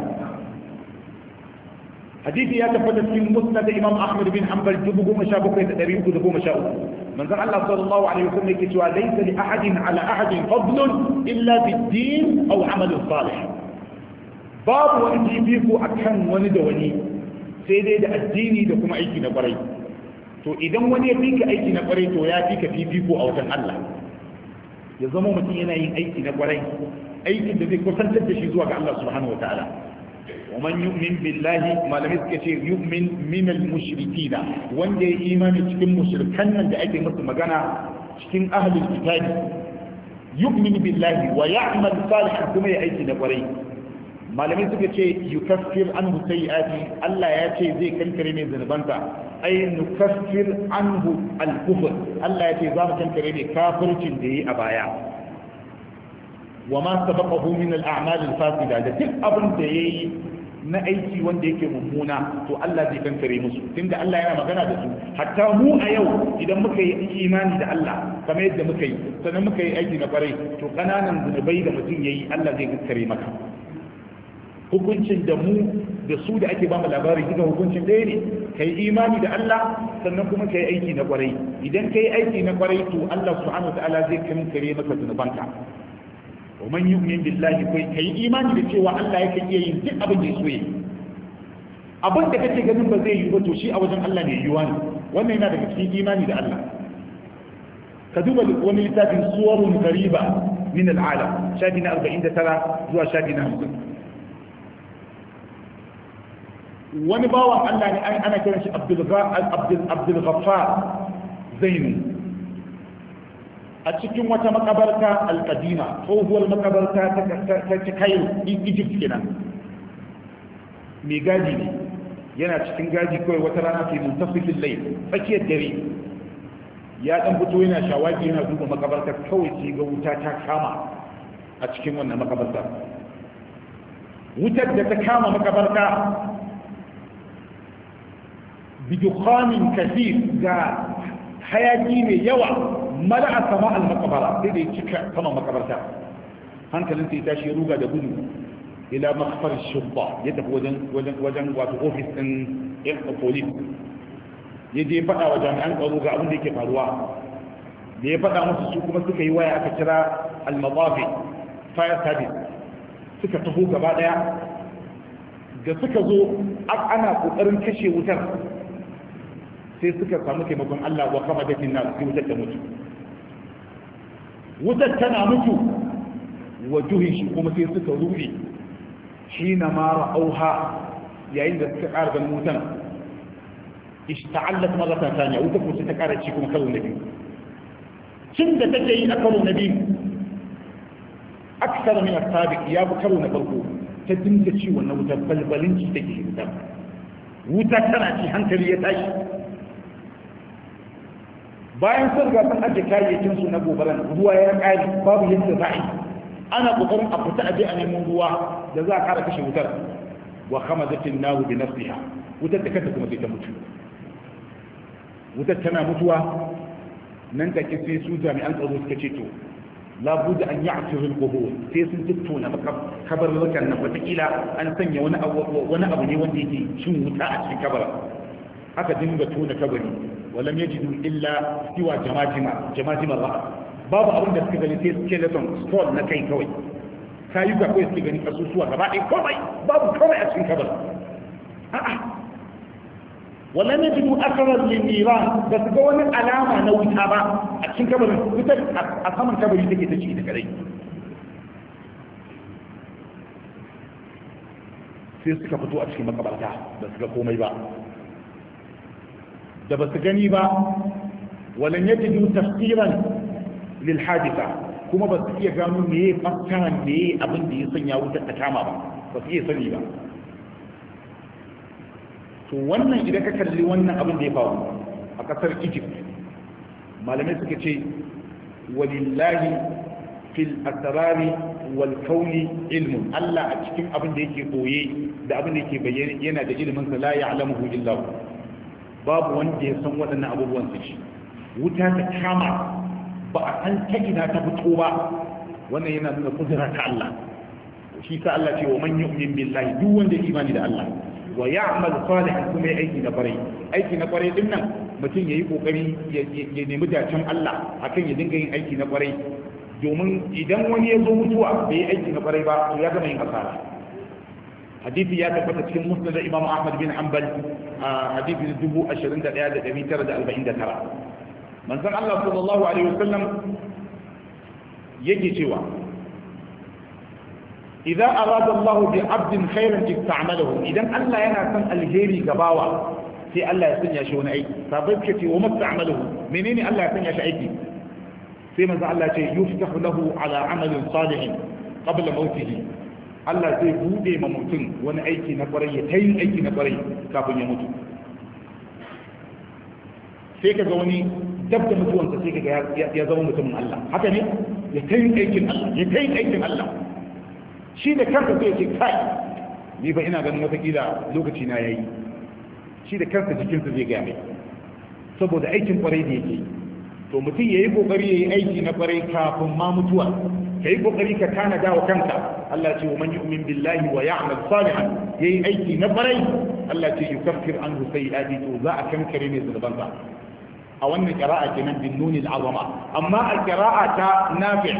حديثي يا تفتت في المسند إمام أحمد بن حنبل جبقوا مشابه كيف تريبك دبوا مشابه من ذا الله صلى الله عليه وسلم كتوى ليس لأحد على أحد فضل إلا بالدين أو عمل صالح babu wani fifiko a kan wani da wani sai dai da addini da kuma aiki na kwarai to idan wani ya fika aiki na kwarai to ya ka fifiko a wajen Allah ya zama mutum yana yin aiki na kwarai aikin da zai kusantar da shi zuwa ga Allah subhanahu wataala ومن يؤمن بالله ما لم يذكر يؤمن من المشركين وان دي ايمان cikin mushrikan nan da ake musu magana cikin ahlul kitab yu'min billahi wa ya'mal salihan kuma ya aiki na kwarai malamai suka ce yukaffir anhu sayyi'ati Allah ya ce zai kankare mai zanubanta ai nukaffir anhu al-kufr Allah ya ce za mu kankare mai kafircin da yayi a baya wa ma sabaqahu min al-a'mal al-fasida da duk abin da yayi na aiki wanda yake mummuna to Allah zai kankare musu tunda Allah yana magana da su hatta mu a yau idan muka yi imani da Allah kamar yadda muka yi sannan muka yi aiki na kwarai to kananan zunubai da mutum yayi Allah zai kankare maka hukuncin da mu da su da ake ba mu labari duka hukuncin ɗaya ne ka yi imani da Allah sannan kuma ka yi aiki na kwarai idan ka yi aiki na kwarai to Allah subhanahu ta'ala zai kare maka zunubanka wa man yu'min billahi kai ka yi imani da cewa Allah yake iya yin duk abin da ya so yi abin da kake ganin ba zai yi ba to shi a wajen Allah ne yiwuwa ne wannan yana daga cikin imani da Allah ka duba wani littafin suwarun kariba min al'alam shafi na 49 zuwa shafi na 50 wani bawan Allah ne ana kiran shi Abdul Ghaffar Zainu a cikin wata makabarta alƙadima tsohuwar makabarta ta ta Cairo Egypt kenan mai gadi ne yana cikin gaji kawai wata rana fi muntasifin lai tsakiyar dare ya dan fito yana shawagi yana duba makabarta kawai sai ga wuta ta kama a cikin wannan makabarta wutar da ta kama makabarta bidukhanin kasir ga hayaki mai yawa mala sama al-makabara sai da ya cika sama makabarta hankalin sai tashi ya ruga da gudu ila makfar shubba ya tafi wajen wajen wajen wato ofis din yan police ya je faɗa wa jami'an tsaro ga abin da yake faruwa da ya faɗa musu su kuma suka yi waya aka kira al-madafi fire service suka taho gaba daya da suka zo ana kokarin kashe wutar sai suka samu taimakon Allah wa kama da tinna su wutar ta mutu wutar tana mutu wa shi kuma sai suka rufe shi na mara auha yayin da suka ƙara ganin wutan ishta'allat marata tanya wutar kuma ta ƙara ci kuma karo na biyu tun da take yi a karo na biyu aksar min asabiq ya bi karo na farko ta dinga ci wannan wutar balbalin ci take wutar wuta tana ci hankali ya tashi bayan sun ga sun ajiye kayayyakin su na gobaran ruwa ya kare babu yadda za ana kokarin a fita aje a neman ruwa da za a kara kashe wutar wa khamazatin naru bi nafsiha wutar da kanta kuma sai ta mutu wutar tana mutuwa nan take sai su jami'an tsaro suka ce to labudda an yi asirin gobo sai sun tattona kabarurrukan nan watakila an sanya wani abu ne wanda yake cin wuta a cikin kabar aka dinga tona kabari walam yajidu illa siwa jamajima jamajima ba? babu abin da suka gani sai skeleton skull na kai kawai kayuka kawai suke gani kasusuwa gaba ɗaya komai babu komai a cikin kabarin a'a walam yajidu asarar limira ba su ga wani alama na wuta ba a cikin kabarin wutar a saman kabari take ta ciki da kadai sai suka fito a cikin makabarta ba su ga komai ba da ba su gani ba walan yajidu tafsiran lil haditha kuma ba su iya gano me ya fassara me ya abin da ya sanya wutar ta kama ba ba su iya sani ba to wannan idan ka kalli wannan abin da ya faru a kasar egypt malamai suka ce walillahi fil asrari wal kauni ilmun allah a cikin abin da yake koye da abin da yake bayyana yana da ilimin sa la ya'lamuhu illa babu wanda ya san waɗannan abubuwan su shi wuta ta kama ba a san ta ina ta fito ba wannan yana nuna kudura ta Allah shi sa Allah ce wa man yu'min billahi duk wanda ya imani da Allah wa ya'mal salihan kuma ya aiki na kwarai aiki na kwarai din nan mutum yayi kokari ya nemi dacen Allah akan ya dinga yin aiki na kwarai domin idan wani ya zo mutuwa bai aiki na kwarai ba to ya gama yin asara hadisi ya tabbata cikin musnad da imam ahmad bin hanbal a na dubu ashirin da ɗaya da ɗari tara da arba'in da tara manzon allah sallallahu alaihi wasallam yake cewa idza arada allah bi abdin khairan ista'malahu idan allah yana son alheri ga bawa sai Allah ya sanya shi wani aiki sabai suke ce wa masta'amalahu menene Allah ya sanya shi aiki sai manzo Allah ce yuftahu lahu ala amalin salihin qabla mautihi Allah zai bude ma mutum wani aiki na kwarai ya tayin aiki na kwarai kafin ya mutu sai kaga wani dab da mutuwansa sai kaga ya zama mutumin Allah haka ne ya tayin aikin Allah ya tayin aikin Allah shi da kansa sai ce kai ni ba ina ganin watakila lokaci na yayi shi da kansa jikinsa zai gaya mai saboda aikin kwarai da yake to mutum ya yi kokari ya yi aiki na kwarai kafin ma mutuwa kai kokari ka tanada wa kanka Allah ce wa man yu'min billahi wa ya'mal salihan yayi aiki na farai Allah ce yukaffir anhu sayi'ati to za a kankare ne zuban sa a wannan qira'a kenan bin nunil azama amma al-qira'a ta nafi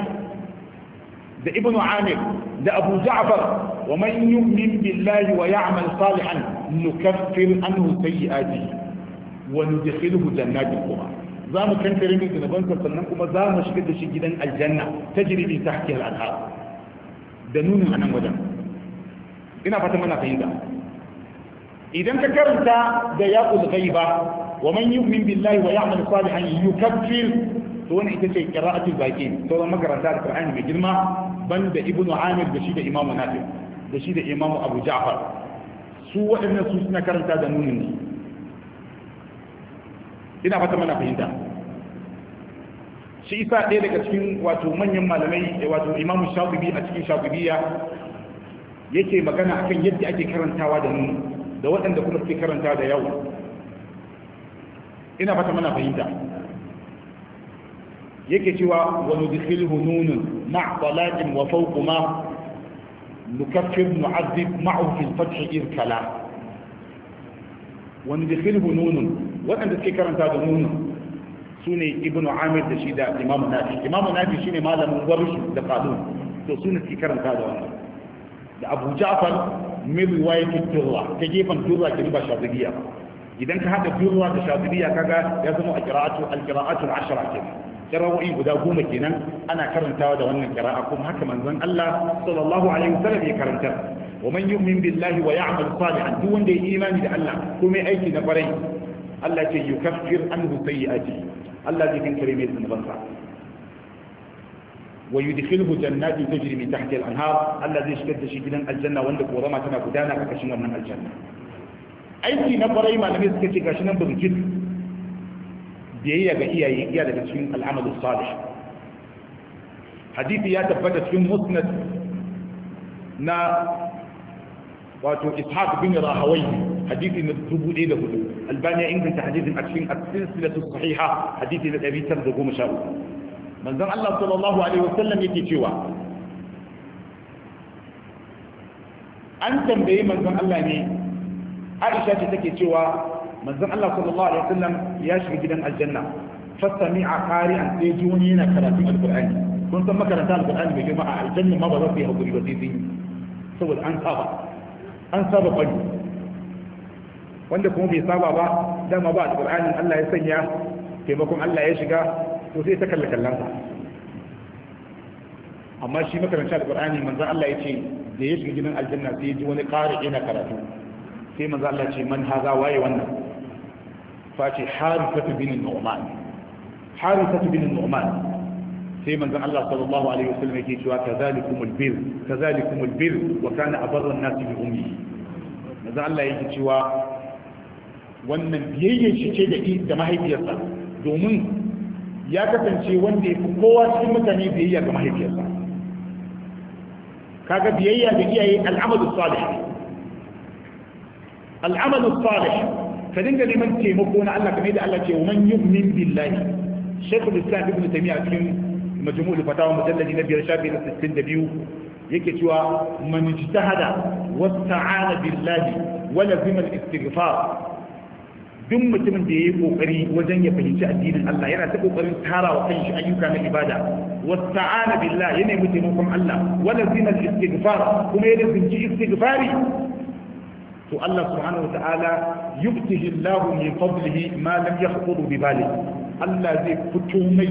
da ibn amir da abu ja'far wa man yu'min billahi wa ya'mal salihan nukaffir anhu sayi'ati wa nudkhiluhu jannatin kuma za mu kankare mai zunubansa sannan kuma za mu shiga da shi gidan aljanna ta jiribi ta hakiyar al'ar da nunin a nan wajen ina fata mana fahimta idan ka karanta da ya ƙulƙai ba wa man yu'min billahi wa ya'mal salihan yukaffir to wani ita ce qira'atul baqi sauran makaranta da Qur'ani mai girma banda Ibnu Amir da shi da imam'u Nafi da shi da imam'u Abu Ja'far su waɗannan su suna karanta da nunin ne ina fata mana fahimta shi isa ɗaya daga cikin wato manyan malamai eh, wato imamu shafibi a cikin shafibiya yake magana akan yadda ake karantawa da nuni da waɗanda kuma suke karanta da yau ina fata mana fahimta yake cewa wa nudkhilhu nunun ma'a talaqin wa fawquma nukaffir nu'adhib ma'ahu fil fath irkala wani nudkhilhu hununin. waɗanda suke karanta da nunu su ne ibn amir da shi da imamu nafi imamu nafi shi ne malamin warshu da kadun to su ne suke karanta da wani. da abu ja'far min riwayatul durra ta gefen durra ke ba shadidiyya idan ka haɗa durra da shadidiyya kaga ya zama a qira'atu al-qira'atu al-ashra kenan qira'o'i guda goma kenan ana karantawa da wannan qira'a kuma haka manzon Allah sallallahu alaihi wasallam ya karanta ومن يؤمن بالله ويعمل صالحا دون دي إيمان الله كما أيكي نفرين Allah ce yukaffir anhu aji Allah zai kare mai zunubansa wa yudkhiluhu jannatin tajri min tahtiha al-anhar Allah zai shigar da shi gidan aljanna wanda korama tana gudana a kashin wannan aljanna aiki na farai malamai suka ce gashi nan burjit biyayya ga iyaye iya daga cikin al'amalus salih hadisi ya tabbata cikin musnad na wato ishaq bin rahawai hadisi na dubu ɗaya da hudu albani ya inganta hadisin a cikin silsilatu sahiha hadisi na ɗari tara da goma sha uku manzon Allah sallallahu alaihi wasallam yake cewa an tambayi manzon Allah ne Aisha ce take cewa manzon Allah sallallahu alaihi wasallam ya shiga gidan aljanna fasami'a qari'an sai ji wani yana karatun alqur'ani kun san makaranta alqur'ani bai girma a aljanna ma ba za su yi hakuri ba zai sun yi saboda an saba an saba kwani wanda kuma bai saba ba dama ba alƙur'anin Allah ya sanya taimakon Allah ya shiga to sai ta kalla kallon sa amma shi makaranta alƙur'ani manzo Allah ya ce da ya shiga gidan aljanna sai ya ji wani ƙari yana karatu sai manzo Allah ya ce man haza waye wannan fa ce harifatu bin nu'man harifatu binin nu'man sai manzon Allah sallallahu alaihi wasallam yake cewa kazalikumul bir kazalikumul bir wa kana abarra an-nas bi ummi manzon Allah yake cewa wannan biyayyar shi ce da da mahaifiyarsa domin ya kasance wanda ya fi kowa cikin mutane biyayya ga mahaifiyarsa kaga biyayya ga iyaye al'amalu salih al'amalu salih ka dinga neman taimako na Allah kamar da Allah ce wa man yu'min billahi shaykhul islam ibn taymiyyah cikin majmu'ul fatawa mujalladi na biyar shafi na 62 yake cewa man ijtahada wasta'ana billahi wa lazima al-istighfar duk mutumin da ya yi kokari wajen ya fahimci addinin Allah yana ta kokarin tarawa kanshi ayyuka na ibada wasta'ana billah yana yi taimakon Allah wala zina istighfar kuma yana zinci istighfari to Allah subhanahu wata'ala yubtihi Allah min fadlihi ma lam yahquru bi bali Allah zai fito mai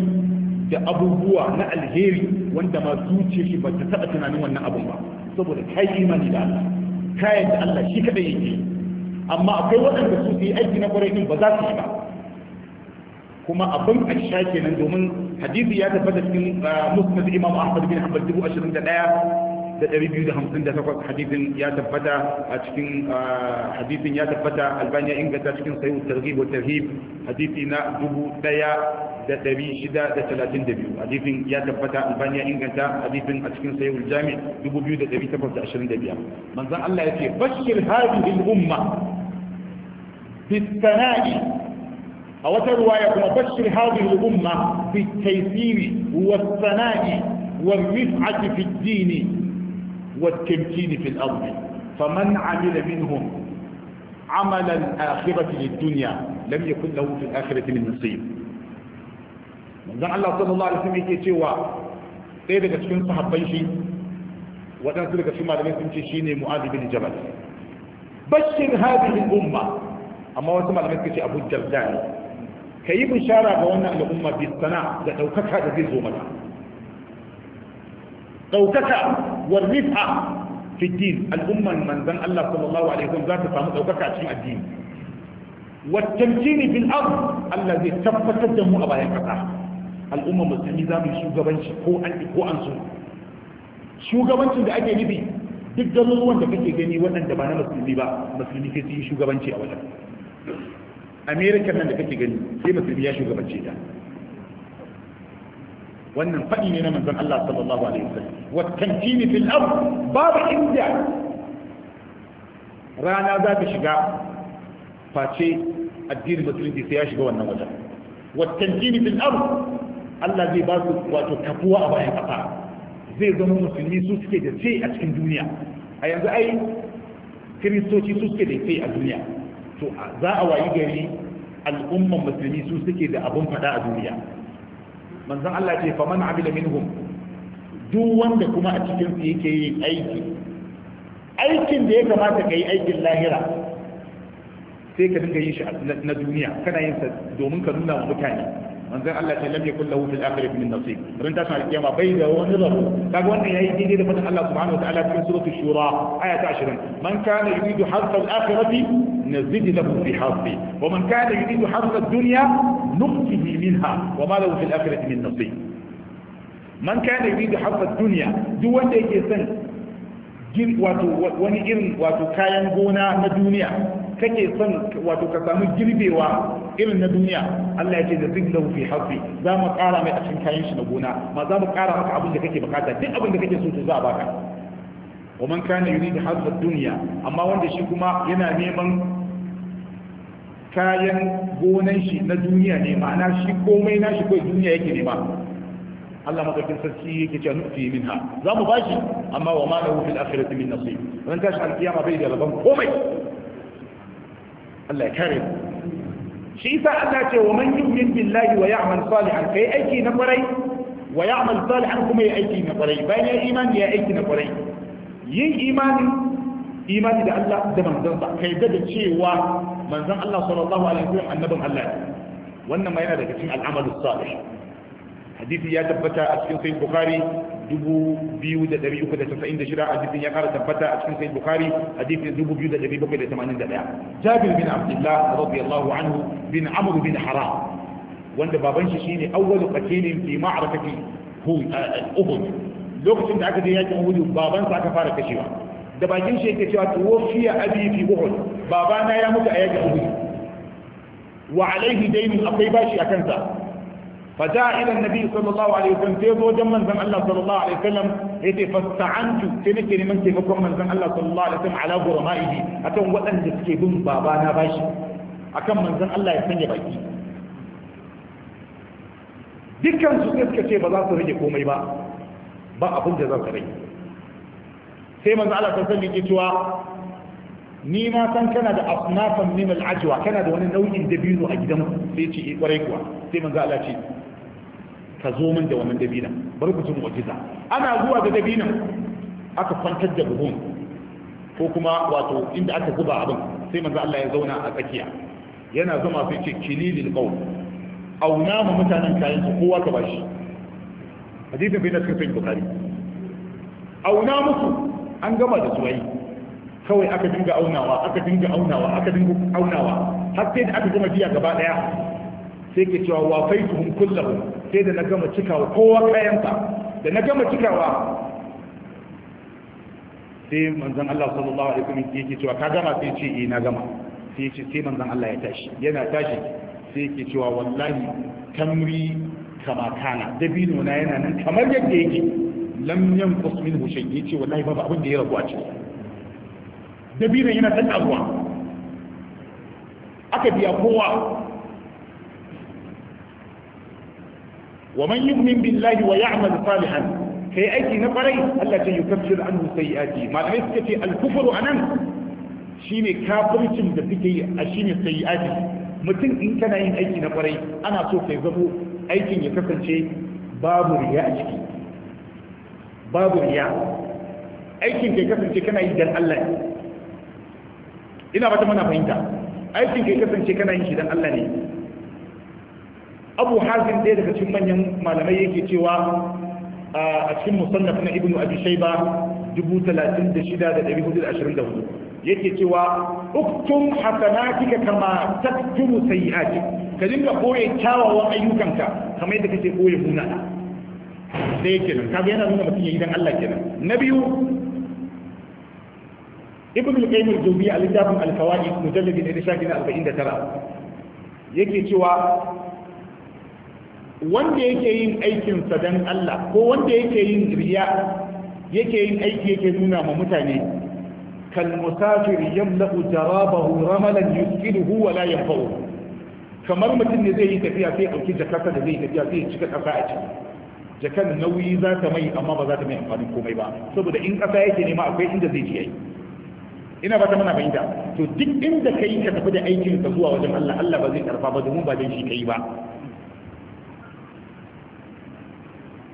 da abubuwa na alheri wanda ma zuciya shi ba ta taba tunanin wannan abun ba saboda kai imani da Allah kayan da Allah shi kadai yake amma akwai waɗanda su su yi aiki na kwarai din ba za su yi ba kuma abin a kenan domin hadisi ya tabbata cikin ah, musnad imam ahmad bin hanbal dubu da ɗari biyu da da hamsin takwas hadithin ya tabbata a cikin hadithin ya tabbata albaniya ya inganta cikin sayu targhib wa tarhib hadithi na biyu hadithin ya tabbata albaniya ya inganta hadithin a cikin dubu biyu da da ɗari takwas ashirin da 2825 manzan Allah ya yake bashir hadhihi al-umma bis a wata ruwaya kuma bashir hadhihi al-umma bi taysiri wa sana'i wa rif'ati fi ad-dini والتمكين في الأرض فمن عمل منهم عمل الآخرة للدنيا لم يكن له في الآخرة من نصيب manzon Allah sallallahu alaihi wasallam yake cewa ɗaya daga cikin sahabban shi waɗansu daga cikin malamai sun ce shine Mu'adh bin Jabal bashir hadhihi al-umma amma wasu malamai suka ce Abu Darda ne kayi bishara ga wannan al'umma bi da ɗaukaka da zai zo mata ɗaukaka wa rifa fi din al'umman manzan Allah sallallahu alaihi wasallam za ta samu ɗaukaka a cikin addini wa tamkini bil ard Allah zai tabbatar da mu a bayan kasa al'umma musulmi za mu shugabanci ko an ko an so shugabancin da ake nufi duk garuruwan da kake gani waɗanda ba na musulmi ba musulmi ke su yi shugabanci a wajen amerika nan da kake gani sai musulmi ya shugabance ta wannan faɗi ne na manzon Allah sallallahu alaihi wasallam wa tamkini fil ard babu inda rana za ta shiga face addinin musulunci sai ya shiga wannan wajen wa kini fil ard Allah zai ba su wato kafuwa a bayan kafa zai zama musulmi su suke da ce a cikin duniya a yanzu ai kiristoci su suke da ce a duniya to za a wayi gari al'umman musulmi su suke da abun faɗa a duniya manzon Allah ce abu da minhum duk wanda kuma a cikin su yake yin aiki aikin da ya kamata ka yi aikin lahira sai ka dinga yin shi na duniya kana yin sa domin ka nuna wa mutane manzon Allah ta lam yakul lahu fil akhirati min nasib ran ta san kiyama bai da wani da kaga wannan yayi daidai da fadin Allah subhanahu wa ta'ala cikin suratul shura aya ta 20 man kana yuridu harfa al akhirati nazid lahu fi harfi wa man kana yuridu harfa ad dunya nuqtihi minha wa ma lahu fil akhirati min nasib man kana yuridu harfa ad dunya duk wanda yake son wato wani irin wato kayan gona na duniya kake son wato ka samu girbewa irin na duniya Allah ya ce da ziklahu fi hafi za mu kara mai a cikin kayan shi na gona ma za mu kara maka abin da kake bukata duk abin da kake so to za a baka wa man kana yuridu harfa duniya amma wanda shi kuma yana neman kayan gonan shi na duniya ne ma'ana shi komai na shi kawai duniya yake nema Allah madaukin sarki yake cewa nufi min ha za mu bashi amma wa ma lahu fil akhirati min nasib ran tashi alkiyama bai da rabon komai Allah ya kare mu shi yasa Allah ce wa man yu'min billahi wa ya'mal salihan kai aiki na kwarai wa ya'mal salihan kuma ya aiki na kwarai bayan ya imani ya aiki na kwarai yin imani imani da Allah da manzon sa kai da cewa manzon Allah sallallahu alaihi wasallam annabin Allah wannan ma yana daga cikin al'amalus salih hadisi ya tabbata a cikin sahih bukhari 2396 hadisin ya kara tabbata a cikin sahih bukhari hadisin 2781 jabir bin abdullah radiyallahu anhu bin amr bin haram wanda baban shi shine awwalu qatilin fi ma'rakati eh, uhud lokacin da aka je yakin uhud baban sa aka fara kashewa da bakin shi yake cewa tuwafiya abi fi uhud babana ya mutu a yakin uhud wa alaihi daynun akwai bashi akan sa فجاء إلى النبي صلى الله عليه وسلم تيزو جمن زن الله صلى الله عليه وسلم يتي فاستعنت سنك لمن تيفكم من زن الله صلى الله عليه وسلم على غرمائه أتون وأن جسكي دون بابانا باشي أكم من زن الله يسني باكي dukkan su sai suka ce ba za su rage komai ba ba abin da za sai manzo Allah ta sani ke cewa ni ma san kana da asnafan min al-ajwa kana da wani nau'in dabino a gidanku sai ce kwarai kuwa sai Allah ce ka zo min da wannan dabinan bari ku cin mu'jiza ana zuwa da dabinan aka kwantar da buhun ko kuma wato inda aka zuba abin sai manzo Allah ya zauna a tsakiya yana zama sai ce kililil qawl auna mu mutanen kayan su kowa ka bashi hadisin bin sahih bukhari auna musu an gama da suwayi kawai aka dinga aunawa aka dinga aunawa aka dinga aunawa har sai da aka gama biya gaba daya sai ke cewa wa faituhum kullahu sai da na gama cikawa kowa kayanta da na gama cikawa sai manzon Allah sallallahu alaihi wasallam yake cewa ka gama sai ce eh na gama sai ce sai manzon Allah ya tashi yana tashi sai yake cewa wallahi tamri kama kana dabino na yana nan kamar yadda yake lam yanqus minhu shay yace wallahi babu abin da ya rabu a ciki dabino yana ta karuwa aka biya kowa wa man yu'min billahi wa ya'mal salihan kai aiki na kwarai Allah ta yukaffir anhu sayyi'ati malamai suka ce al-kufru anan shine kafircin da suke yi a shine sayyi'ati mutum in kana yin aiki na kwarai ana so kai zabo aikin ya kasance babu riya a ciki babu riya aikin kai kasance kana yi dan Allah ina ba ta fahimta kasance yin shi Allah ne abu hazin ɗaya daga cikin manyan malamai yake cewa a cikin musannaf na ibnu abi shayba 36424 yake cewa uktum hasanatika kama taktumu sayyi'atik ka dinga koye kyawawan ayyukanka kamar yadda kake koye huna da yake nan kaga yana nuna mutum ya yi Allah kenan na biyu ibn al-qayyim al-jawziyya al-kitab al-fawaid mujallad 49 yake cewa wanda yake yin aikinsa don Allah ko wanda yake yin riya yake yin aiki yake nuna ma mutane kan musafir yamla'u jarabahu ramalan yusqiduhu wa la yanfa'u kamar mutum ne zai yi tafiya sai auki jakarta da zai yi tafiya sai cika kasa a ciki jakan nauyi za ta mai amma ba za ta mai amfani komai ba saboda in kasa yake nema akwai inda zai je ina ba ta mana fahimta to duk inda kai ka tafi da aikin ka zuwa wajen Allah Allah ba zai karfa ba domin ba dan shi kai ba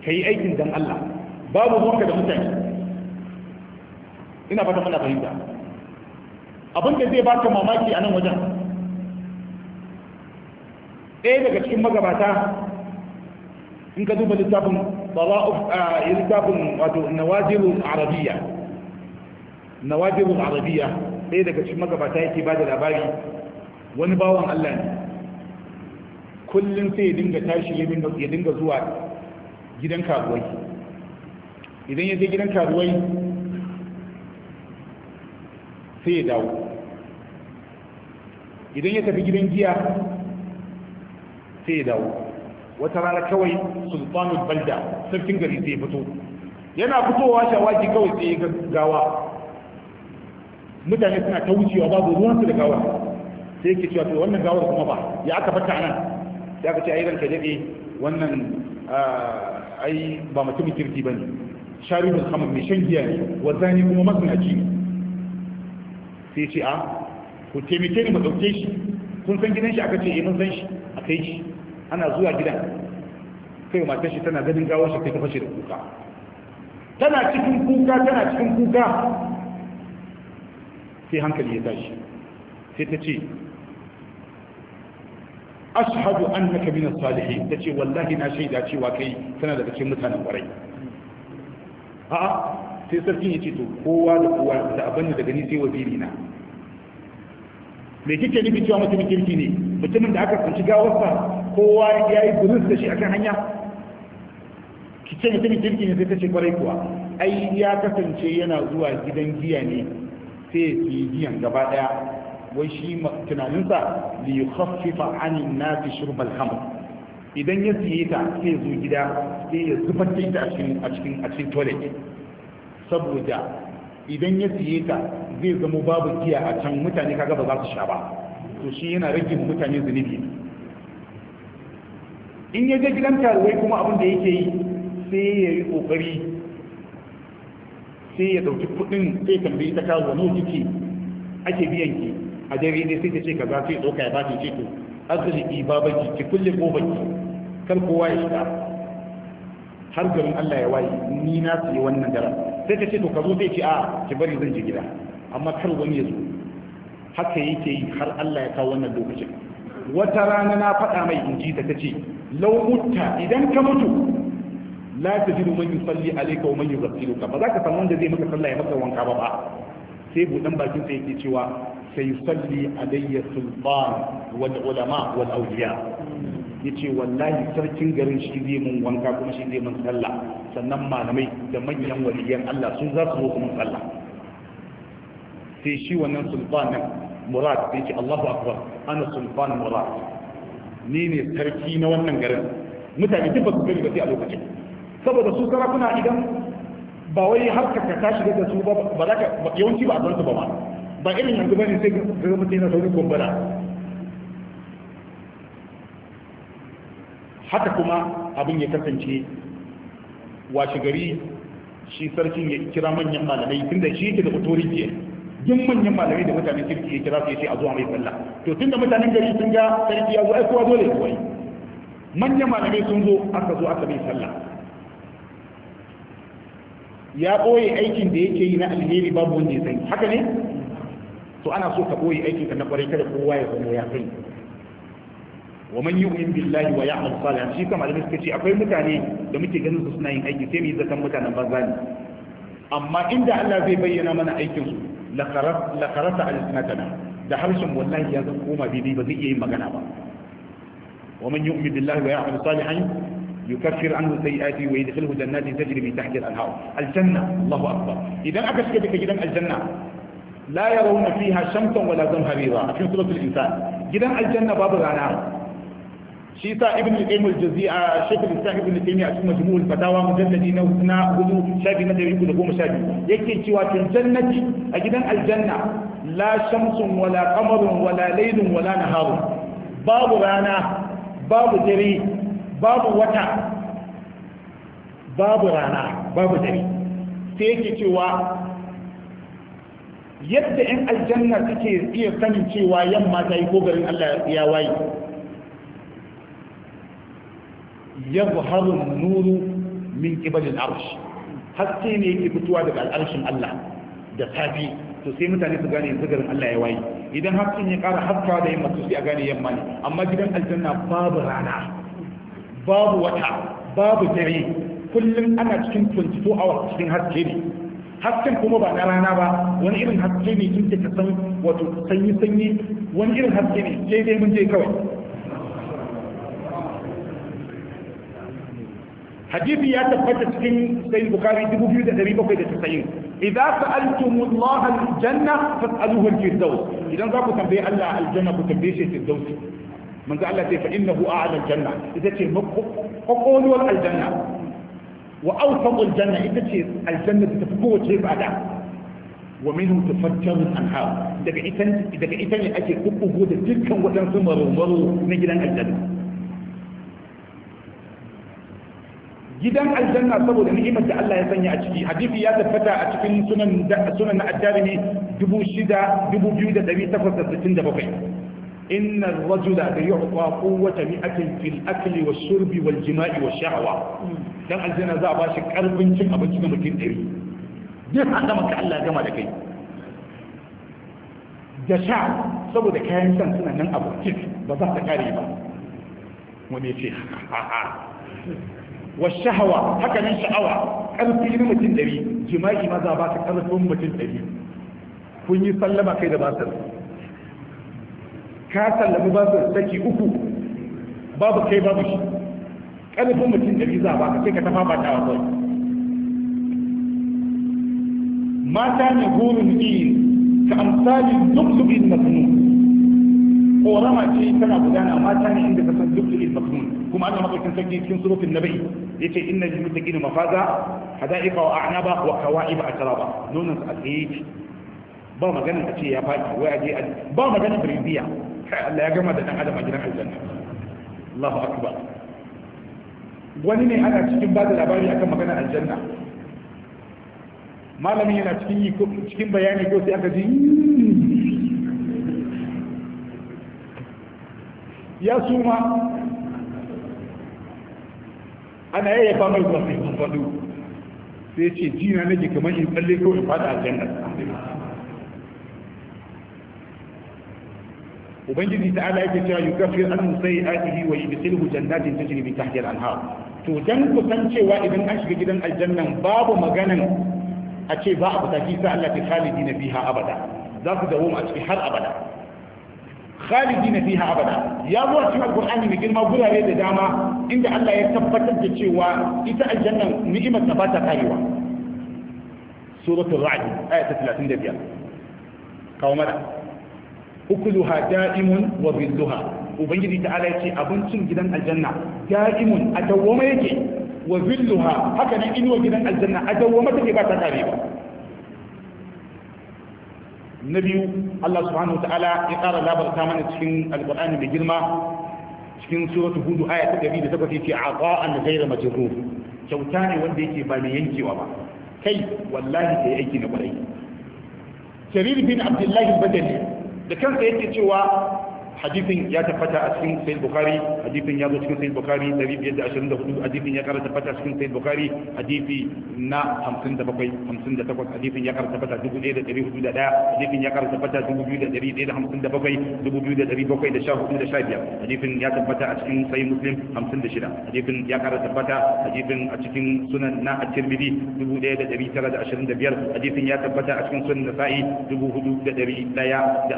ka yi aikin dan Allah babu zuwa da mutane ina fata muna fahimta abin da zai baka mamaki a nan wajen ɗaya daga cikin magabata in ka duba littafin littafin wato nawajirul arabiya nawajirul arabiya ɗaya daga cikin magabata yake ba da labari wani bawan Allah ne kullum sai ya dinga tashi ya dinga zuwa gidan karuwai idan ya je gidan karuwai sai ya dawo idan ya tafi gidan giya sai ya dawo wata rana kawai sultanul balda sarkin gari sai fito yana fitowa shawaki kawai sai ya gawa mutane suna ta wucewa babu ruwansu da gawa sai yake cewa to wannan gawar kuma ba ya aka fata nan ya ka ce a yi ranka daɗe wannan ah, ai ba mutumin kirki ba ne sharihun hamam mai shan giya ne wa zani kuma masnaci ne sai ce a ku taimake ni mu ɗauke shi kun san gidan shi aka ce eh, mun san shi a kai shi ana zuwa gidan kai matar shi tana ganin gawar shi kai ta fashe da kuka tana cikin kuka tana cikin kuka sai hankali ya tashi sai ta ce ashhadu annaka min as-salihin tace wallahi na shaida cewa kai kana daga cikin mutanen kwarai a'a sai sarkin ya ce to kowa da kowa da abin da gani sai waziri na me kike nufi cewa mutumin kirki ne mutumin da aka kunci gawarsa kowa ya yi burus da shi akan hanya Ki kice mutumin kirki ne sai ta ce kwarai kuwa ai ya kasance yana zuwa gidan giya ne sai ya ci giyan gaba ɗaya. wai shi tunaninsa khafifa an na fi shurbal hamar idan ya siye ta sai zo gida sai ya zubar da ita a cikin toilet saboda idan ya siye ta zai zama babu giya a can mutane kaga ba za su sha ba to shi yana rage mutane zunubi in ya je gidan taruwai kuma abin da yake yi sai ya yi kokari sai ya dauki kudin sai tambayi ta kawo nawa kike ake biyan ki a dare ne sai ta ce ka sai ɗauka ya ba ta ce to arziki ba baki ki kulle ko baki kar kowa ya shiga har garin Allah ya waye ni na su yi wannan daren sai ta ce to ka zo zai ce a ki bari zan je gida amma kar wani ya zo haka yake yi har Allah ya kawo wannan lokacin wata rana na faɗa mai in ji ta ta ce laumutta idan ka mutu la ta jiru man yusalli alayka wa man yuzakkiruka ba za ka san wanda zai maka sallah ya maka wanka ba ba sai buɗan bakin sa yake cewa sai salli alayya sulban wal ulama wal awliya yace wallahi sarkin garin shi zai mun wanka kuma shi zai mun sallah sannan malamai da manyan waliyan Allah sun za su kuma sallah sai shi wannan nan murad sai ce Allahu akbar ana sultan murad ni ne sarki na wannan garin mutane duk ba su gani ba sai a lokacin saboda su sarakuna idan ba wai har ka ta da su ba ba za ka yawanci ba a san su ba ma ba irin yanzu ba ne sai ga mutum yana saurin gombara haka kuma abin ya kasance washe gari shi sarkin ya kira manyan malamai tun da shi yake da ke yin manyan malamai da mutanen kirki ya kira su ya ce a zuwa mai tsalla to tun da mutanen gari sun ga sarki ya zo aikowa kowa dole ya zo manyan malamai sun zo aka zo aka mai sallah ya ɓoye aikin da yake yi na alheri babu wanda ya sani haka ne to ana so ka ɓoye aikin ka na ƙwarai kada kowa ya zama ya sani wa man yu'min billahi wa ya'mal salihan shi kamar da suka ce akwai mutane da muke ganin su suna yin aiki sai mu yi zaton mutanen banza ne amma inda Allah zai bayyana mana aikin su la karata alsinatana da harshen wallahi ya zama koma daidai ba zai iya yin magana ba wa man yu'min billahi wa ya'mal salihan yukaffir anhu sayi'ati wa yadkhiluhu jannatin tajri min tahtiha al-anhar Allahu akbar idan aka shiga daga gidan aljanna la yarawna fiha shamsan wala zamharira a cikin suratul insan gidan aljanna babu rana shi yasa ibn a shaykh al-islam a cikin majmu' al-fatawa mujalladi na na hudu shafi na 310 yake cewa fil jannati a gidan aljanna la wala wala wala babu rana babu dare babu wata babu rana babu dare sai yake cewa yadda 'yan aljanna suke iya sanin cewa yamma ta yi kogarin Allah ya waye ya buharun nuru min ƙibalin arshi haske ne yake fitowa daga al'arshin Allah da safi to sai mutane su gane yanzu garin Allah ya waye idan hasken ya ƙara haskawa da yamma to sai a gane yamma ne amma gidan aljanna babu rana babu wata babu dare kullum ana cikin 24 hours cikin haske ne hasken kuma ba na rana ba wani irin haske ne in ka san wato sanyi sanyi wani irin haske ne sai dai mun je kawai hadisi ya tabbata cikin sahih bukhari 2790 idza sa'altum Allah al-janna fas'aluhu al-firdaus idan za ku tambaye Allah aljanna ku tambaye shi firdaus manzo Allah sai fa innahu a'la janna ita ce makwakwalwar aljanna wa awsaqul janna ita ce aljanna da tafi kowace bada wa minhu tafajjaru anhar daga ita daga ita ne ake kubbugo da dukkan wajen wadansu marmaro na gidan aljanna gidan aljanna saboda ni'imar da Allah ya sanya a ciki hadisi ya tabbata a cikin sunan sunan ad-darimi 6867 إن الرجل ليعطى قوة مئة في الأكل والشرب والجماع والشهوة dan aljanna za a karfin cin abinci na mutum ɗari duk an Allah gama da kai da sha saboda kayan shan suna nan a burkit ba za ta kare ba wani ce ha wa shahawa haka sha'awa karfi na mutum jima'i a karfin mutum kun yi sallama kai da basar ka sallami ba su saki uku babu kai babu shi ƙarfin mutum da riza ba sai ka tafa ba ta wasu mata ne gurin iya ka amsalin lullubin masnun Ƙorama ce tana gudana mata ne inda ta san duk lullul maknun kuma Allah madaukakin sarki cikin suratul nabai yace inna lil muttaqina mafaza hadaiqa wa ba wa kawa'iba atraba nonon a ake ba magana a ce ya faɗi wai a je aje ba magana birbiya kai Allah ya gama da dan adam a gidan aljanna Allahu akbar wani ne ana cikin ba da labari akan magana aljanna Malami yana cikin ko cikin bayani ko sai aka ji hmm. ya suma ana yaya ba mai kwasai sai ce jina nake kamar in tsalle ko in fada aljanna ubangiji ta'ala yake cewa yukaffir an sayi'atihi wa yudkhiluhu jannatin tajri min tahtiha al-anhar to dan kusancewa idan an shiga gidan aljanna babu maganan a ce ba a fita shi sa Allah ta khalidi na biha abada za ku dawo a ciki har abada khalidi na biha abada ya zo a cikin alqur'ani mai girma gurare da dama inda Allah ya tabbatar da cewa ita aljanna ni'imar ta ba ta karewa suratul ra'd ayat 35 kawo mana ukuluha da'imun wa billuha ubangiji ta'ala yace abincin gidan aljanna da'imun a dawwama yake wa billuha haka ne inuwa gidan aljanna a dawwama take ba ta kare ba na biyu Allah subhanahu ta'ala ya ƙara labarta mana cikin alƙur'ani da girma cikin suratul hudu aya ta da 108 yace da ghayra majrur kyauta ne wanda yake ba mai yankewa ba kai wallahi kai aiki na ƙwarai. jarir bin abdullahi badali da kansa yake cewa hadisin ya tabbata a cikin sahih bukari hadisin ya zo cikin sahih bukhari 524 hadisin ya kara tabbata a cikin sahih bukari hadisi na 57 58 hadisin ya kara tabbata 1401 hadisin ya kara tabbata 2157 2714 hadisin ya tabbata a cikin sahih muslim 56 hadisin ya kara tabbata hadisin a cikin sunan na at-tirmidhi 1925 hadisin ya tabbata a cikin sunan nasa'i 4144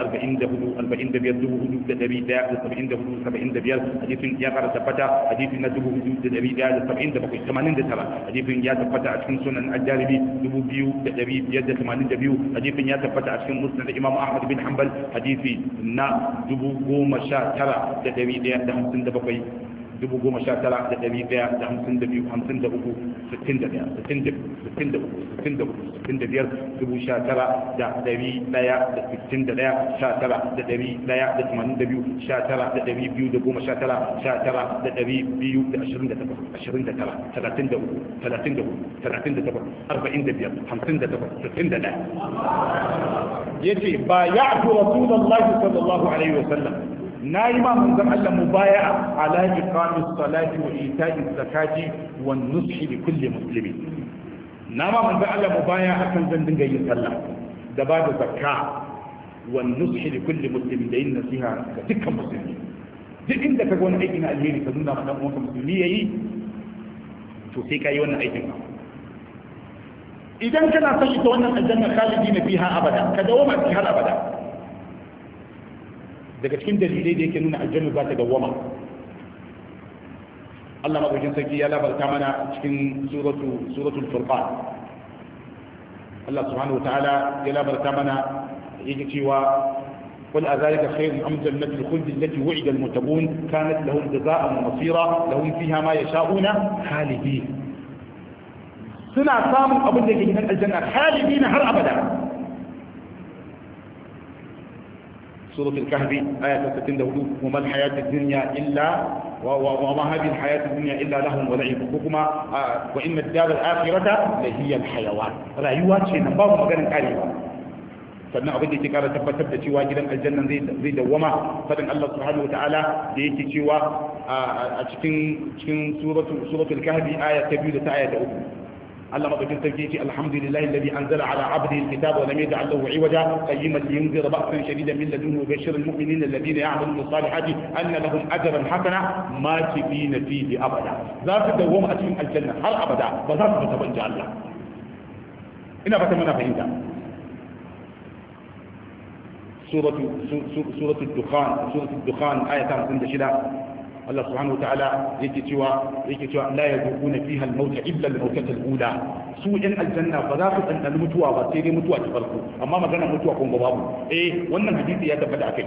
45 dubu hudu da ɗari daya da saba'in da hudu saba'in da biyar hadisin ya kara tabbata hadisin na dubu hudu da ɗari daya da saba'in da bakwai tamanin da tara hadisin ya tabbata a cikin sunan ajalibi dubu biyu da ɗari biyar da tamanin da biyu hadisin ya tabbata a cikin musnad imam ahmad bin hanbal hadisi na dubu goma sha tara da ɗari daya da hamsin da bakwai dubu goma sha tara da ɗari ɗaya da hamsin da biyu hamsin da uku sittin da ɗaya sittin da sittin da uku sittin da uku sittin da biyar dubu sha tara da ɗari ɗaya da sittin da ɗaya sha tara da ɗari ɗaya da tamanin da biyu sha tara da ɗari biyu da goma sha tara sha tara da ɗari biyu da ashirin da takwas ashirin da tara talatin da uku talatin da uku talatin da takwas arba'in da biyar hamsin da takwas sittin da ɗaya. yace ba ya'tu rasulullahi sallallahu alaihi wa sallam na yi ma manzon Allah mu baya ala iqamis salati wa ita'iz zakati wa nushi li kulli muslimi na ma manzon Allah mu baya akan zan dinga yin sallah da ba da zakka wa nushi li kulli muslimi da yin nasiha ga dukkan musulmi duk inda kaga wani aiki na alheri ka nuna ma dan uwanka musulmi yayi to sai ka yi wannan aikin idan kana son ita wannan aljanna khalidi na fiha abada ka dawo ma har abada daga cikin dalilai da yake nuna aljannu za ta dawwama Allah madaukin sarki ya labarta mana cikin suratu suratul furqan Allah subhanahu wataala ya labarta mana yake cewa قل أذلك خير أم جنة الخلد التي وعد المتقون كانت لهم جزاء ومصيرا لهم فيها ما يشاءون خالدين سنة سام أبو الجنة الجنة خالدين هر أبدا سورة الكهف آية 64 وما الحياة الدنيا إلا وما هذه الحياة الدنيا إلا لهم ولعب حكما وإن الدار الآخرة لهي الحيوان رأيوات شيء نباب مغانا كاريوان sannan abin da yake kara tabbatar da cewa gidan aljanna zai dawwama fadin Allah subhanahu wataala da yake cewa a cikin cikin suratul kahfi aya ta biyu da ta aya ta uku الله مدكين تركيك الحمد لله الذي أنزل على عبده الكتاب ولم يجعل له عوجا قيما لينذر بأسا شديدا من لدنه وبشر المؤمنين الذين يعملون الصالحات أن لهم أجرا حسنا ما تبين فيه أبدا ذاك دوم أتين الجنة هل أبدا وذاك بتبنجى الله إنا فتمنى فهمتا سورة سورة الدخان سورة الدخان آية 56 Allah subhanahu ta'ala yake cewa yake cewa la yazuquna fiha al-mauta illa al-mautata al-ula su yan aljanna ba za su dandana mutuwa ba sai dai mutuwa ta farko amma magana mutuwa kun ga babu eh wannan hadisi ya tabbata akai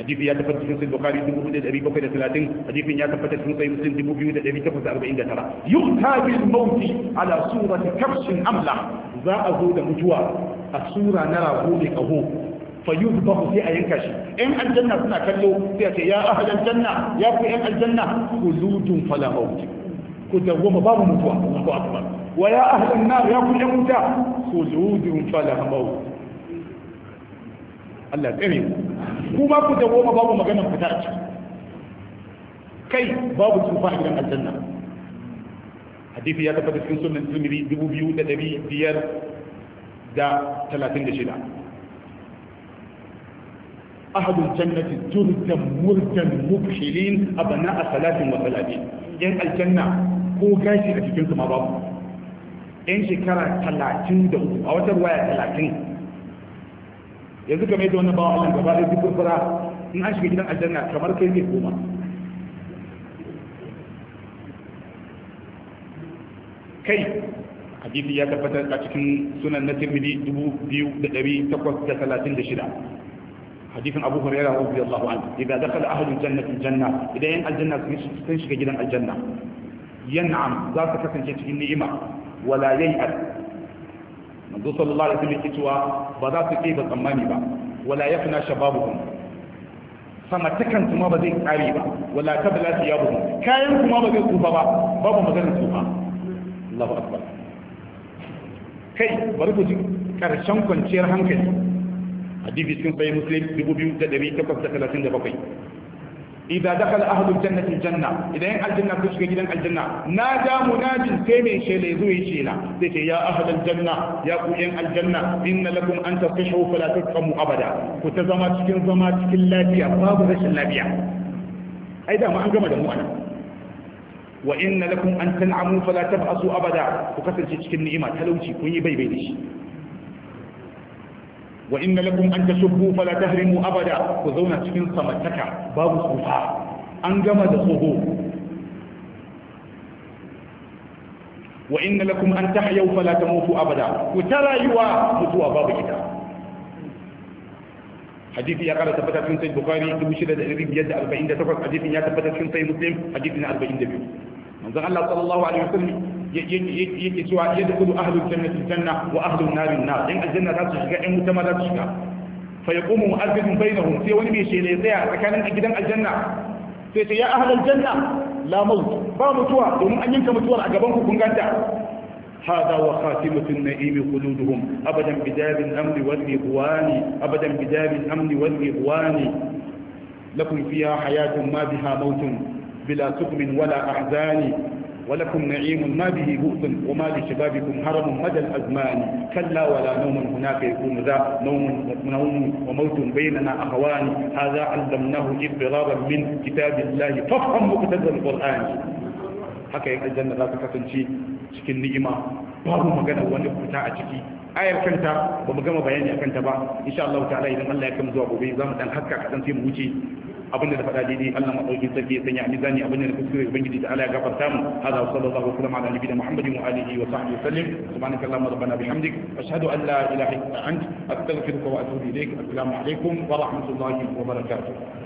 hadisi ya tabbata cikin sahih bukhari 2730 hadisin ya tabbata cikin sahih muslim 2849 yu'ta bil mauti ala surati kabshin amla za a zo da mutuwa a sura na rago ne kaho fa yuzbahu sai a yanka shi in aljanna suna kallo sai ce ya ahalan janna ya ku yan aljanna kuludun fala maut ku dawwama babu mutuwa Allahu akbar wa ya ahlan nar ya ku yan wuta kuludun fala maut Allah tsare ku ba ku dawwama babu maganar fita a ciki kai babu tsufa a gidan aljanna hadisi ya tabbata cikin sunan da 2536 أهل الجنة جردا مردا مبحلين أبناء ثلاث وثلاثين ين الجنة هو كاشي أشكين كما باب ين شكرا ثلاثين دو أو ترواية ثلاثين يذكر ميدو أن باو الله قبال يذكر فرا إن أشكي جدا الجنة كمر كيف يقوم كيف hadisi ya tabbatar a cikin sunan na tirmidhi 2836 hadisin abu huraira radiyallahu anhu idan dakala ahlul jannati janna idan yan aljanna sun shiga gidan aljanna yan'am za su kasance cikin ni'ima wala yai'al manzo sallallahu alaihi wasallam yake ba za su kai ba tsammani ba wala yafna shababuhum sama takan kuma ba zai kare ba wala tabla thiyabuhum kayan kuma ba zai tsufa ba babu maganar tsufa kai bari ku karshen kwanciyar hankali hadisi sun sai muslim 2837 idza dakhala ahlu jannati janna idan yan aljanna ku shiga gidan aljanna na da munajin sai mai shele zo yi shela sai ce ya ahlu janna ya ku yan aljanna inna lakum an tasfihu fala tasfamu abada ku ta zama cikin zama cikin lafiya babu rashin lafiya ai da ma an gama da mu anan wa inna lakum an tan'amu fala tab'asu abada ku kasance cikin ni'ima talauci kun yi baibai da shi wa inna lakum an tasubbu fala tahrimu abada ku zauna cikin samartaka babu tsufa an gama da tsoho wa inna lakum an tahyau fala tamutu abada ku ta rayuwa mutuwa babu gida hadithi ya kara tabbata cikin sai bukari 6548 hadisin ya tabbata cikin sai muslim hadisin 42 manzon Allah sallallahu alaihi wasallam yake cewa ya dukulu ahlul jannati janna wa ahlun nari nar in aljanna za su shiga yan wuta ma za su shiga fa yaqumu mu'azzibun bainahum sai wani mai shele tsaya tsakanin gidan aljanna sai ce ya ahlul janna la maut ba mutuwa domin an yanka mutuwar a gaban ku kun ganta هذا وخاتمة النعيم خلودهم أبدا بدار الأمن والرضوان أبدا بدار الأمن والرضوان لكم فيها حياة ما بها موت بلا سقم ولا أحزان ولكم نعيم ما به بؤس وما لشبابكم هرم مدى الأزمان كلا ولا نوم هناك يكون ذا نوم نوم وموت بيننا أخوان هذا علمناه اضطرارا من كتاب الله فافهم مقتضى القرآن haka yin aljanna za ta kasance cikin ni'ima babu magana wani fita a ciki ayar kanta ba mu gama bayani a kanta ba insha Allah ta'ala idan Allah ya kama zuwa gobe za mu dan haka kadan sai mu wuce abin da faɗa daidai Allah madaukin sarki ya sanya a mizani abin da kuskure ubangiji ta Allah ya gafarta mu hada wa sallallahu alaihi wa ala muhammadin wa alihi wa sahbihi sallim subhanaka allahumma rabbana bihamdik ashhadu an la ilaha illa ant astaghfiruka wa atubu ilaik assalamu alaikum wa rahmatullahi wa barakatuh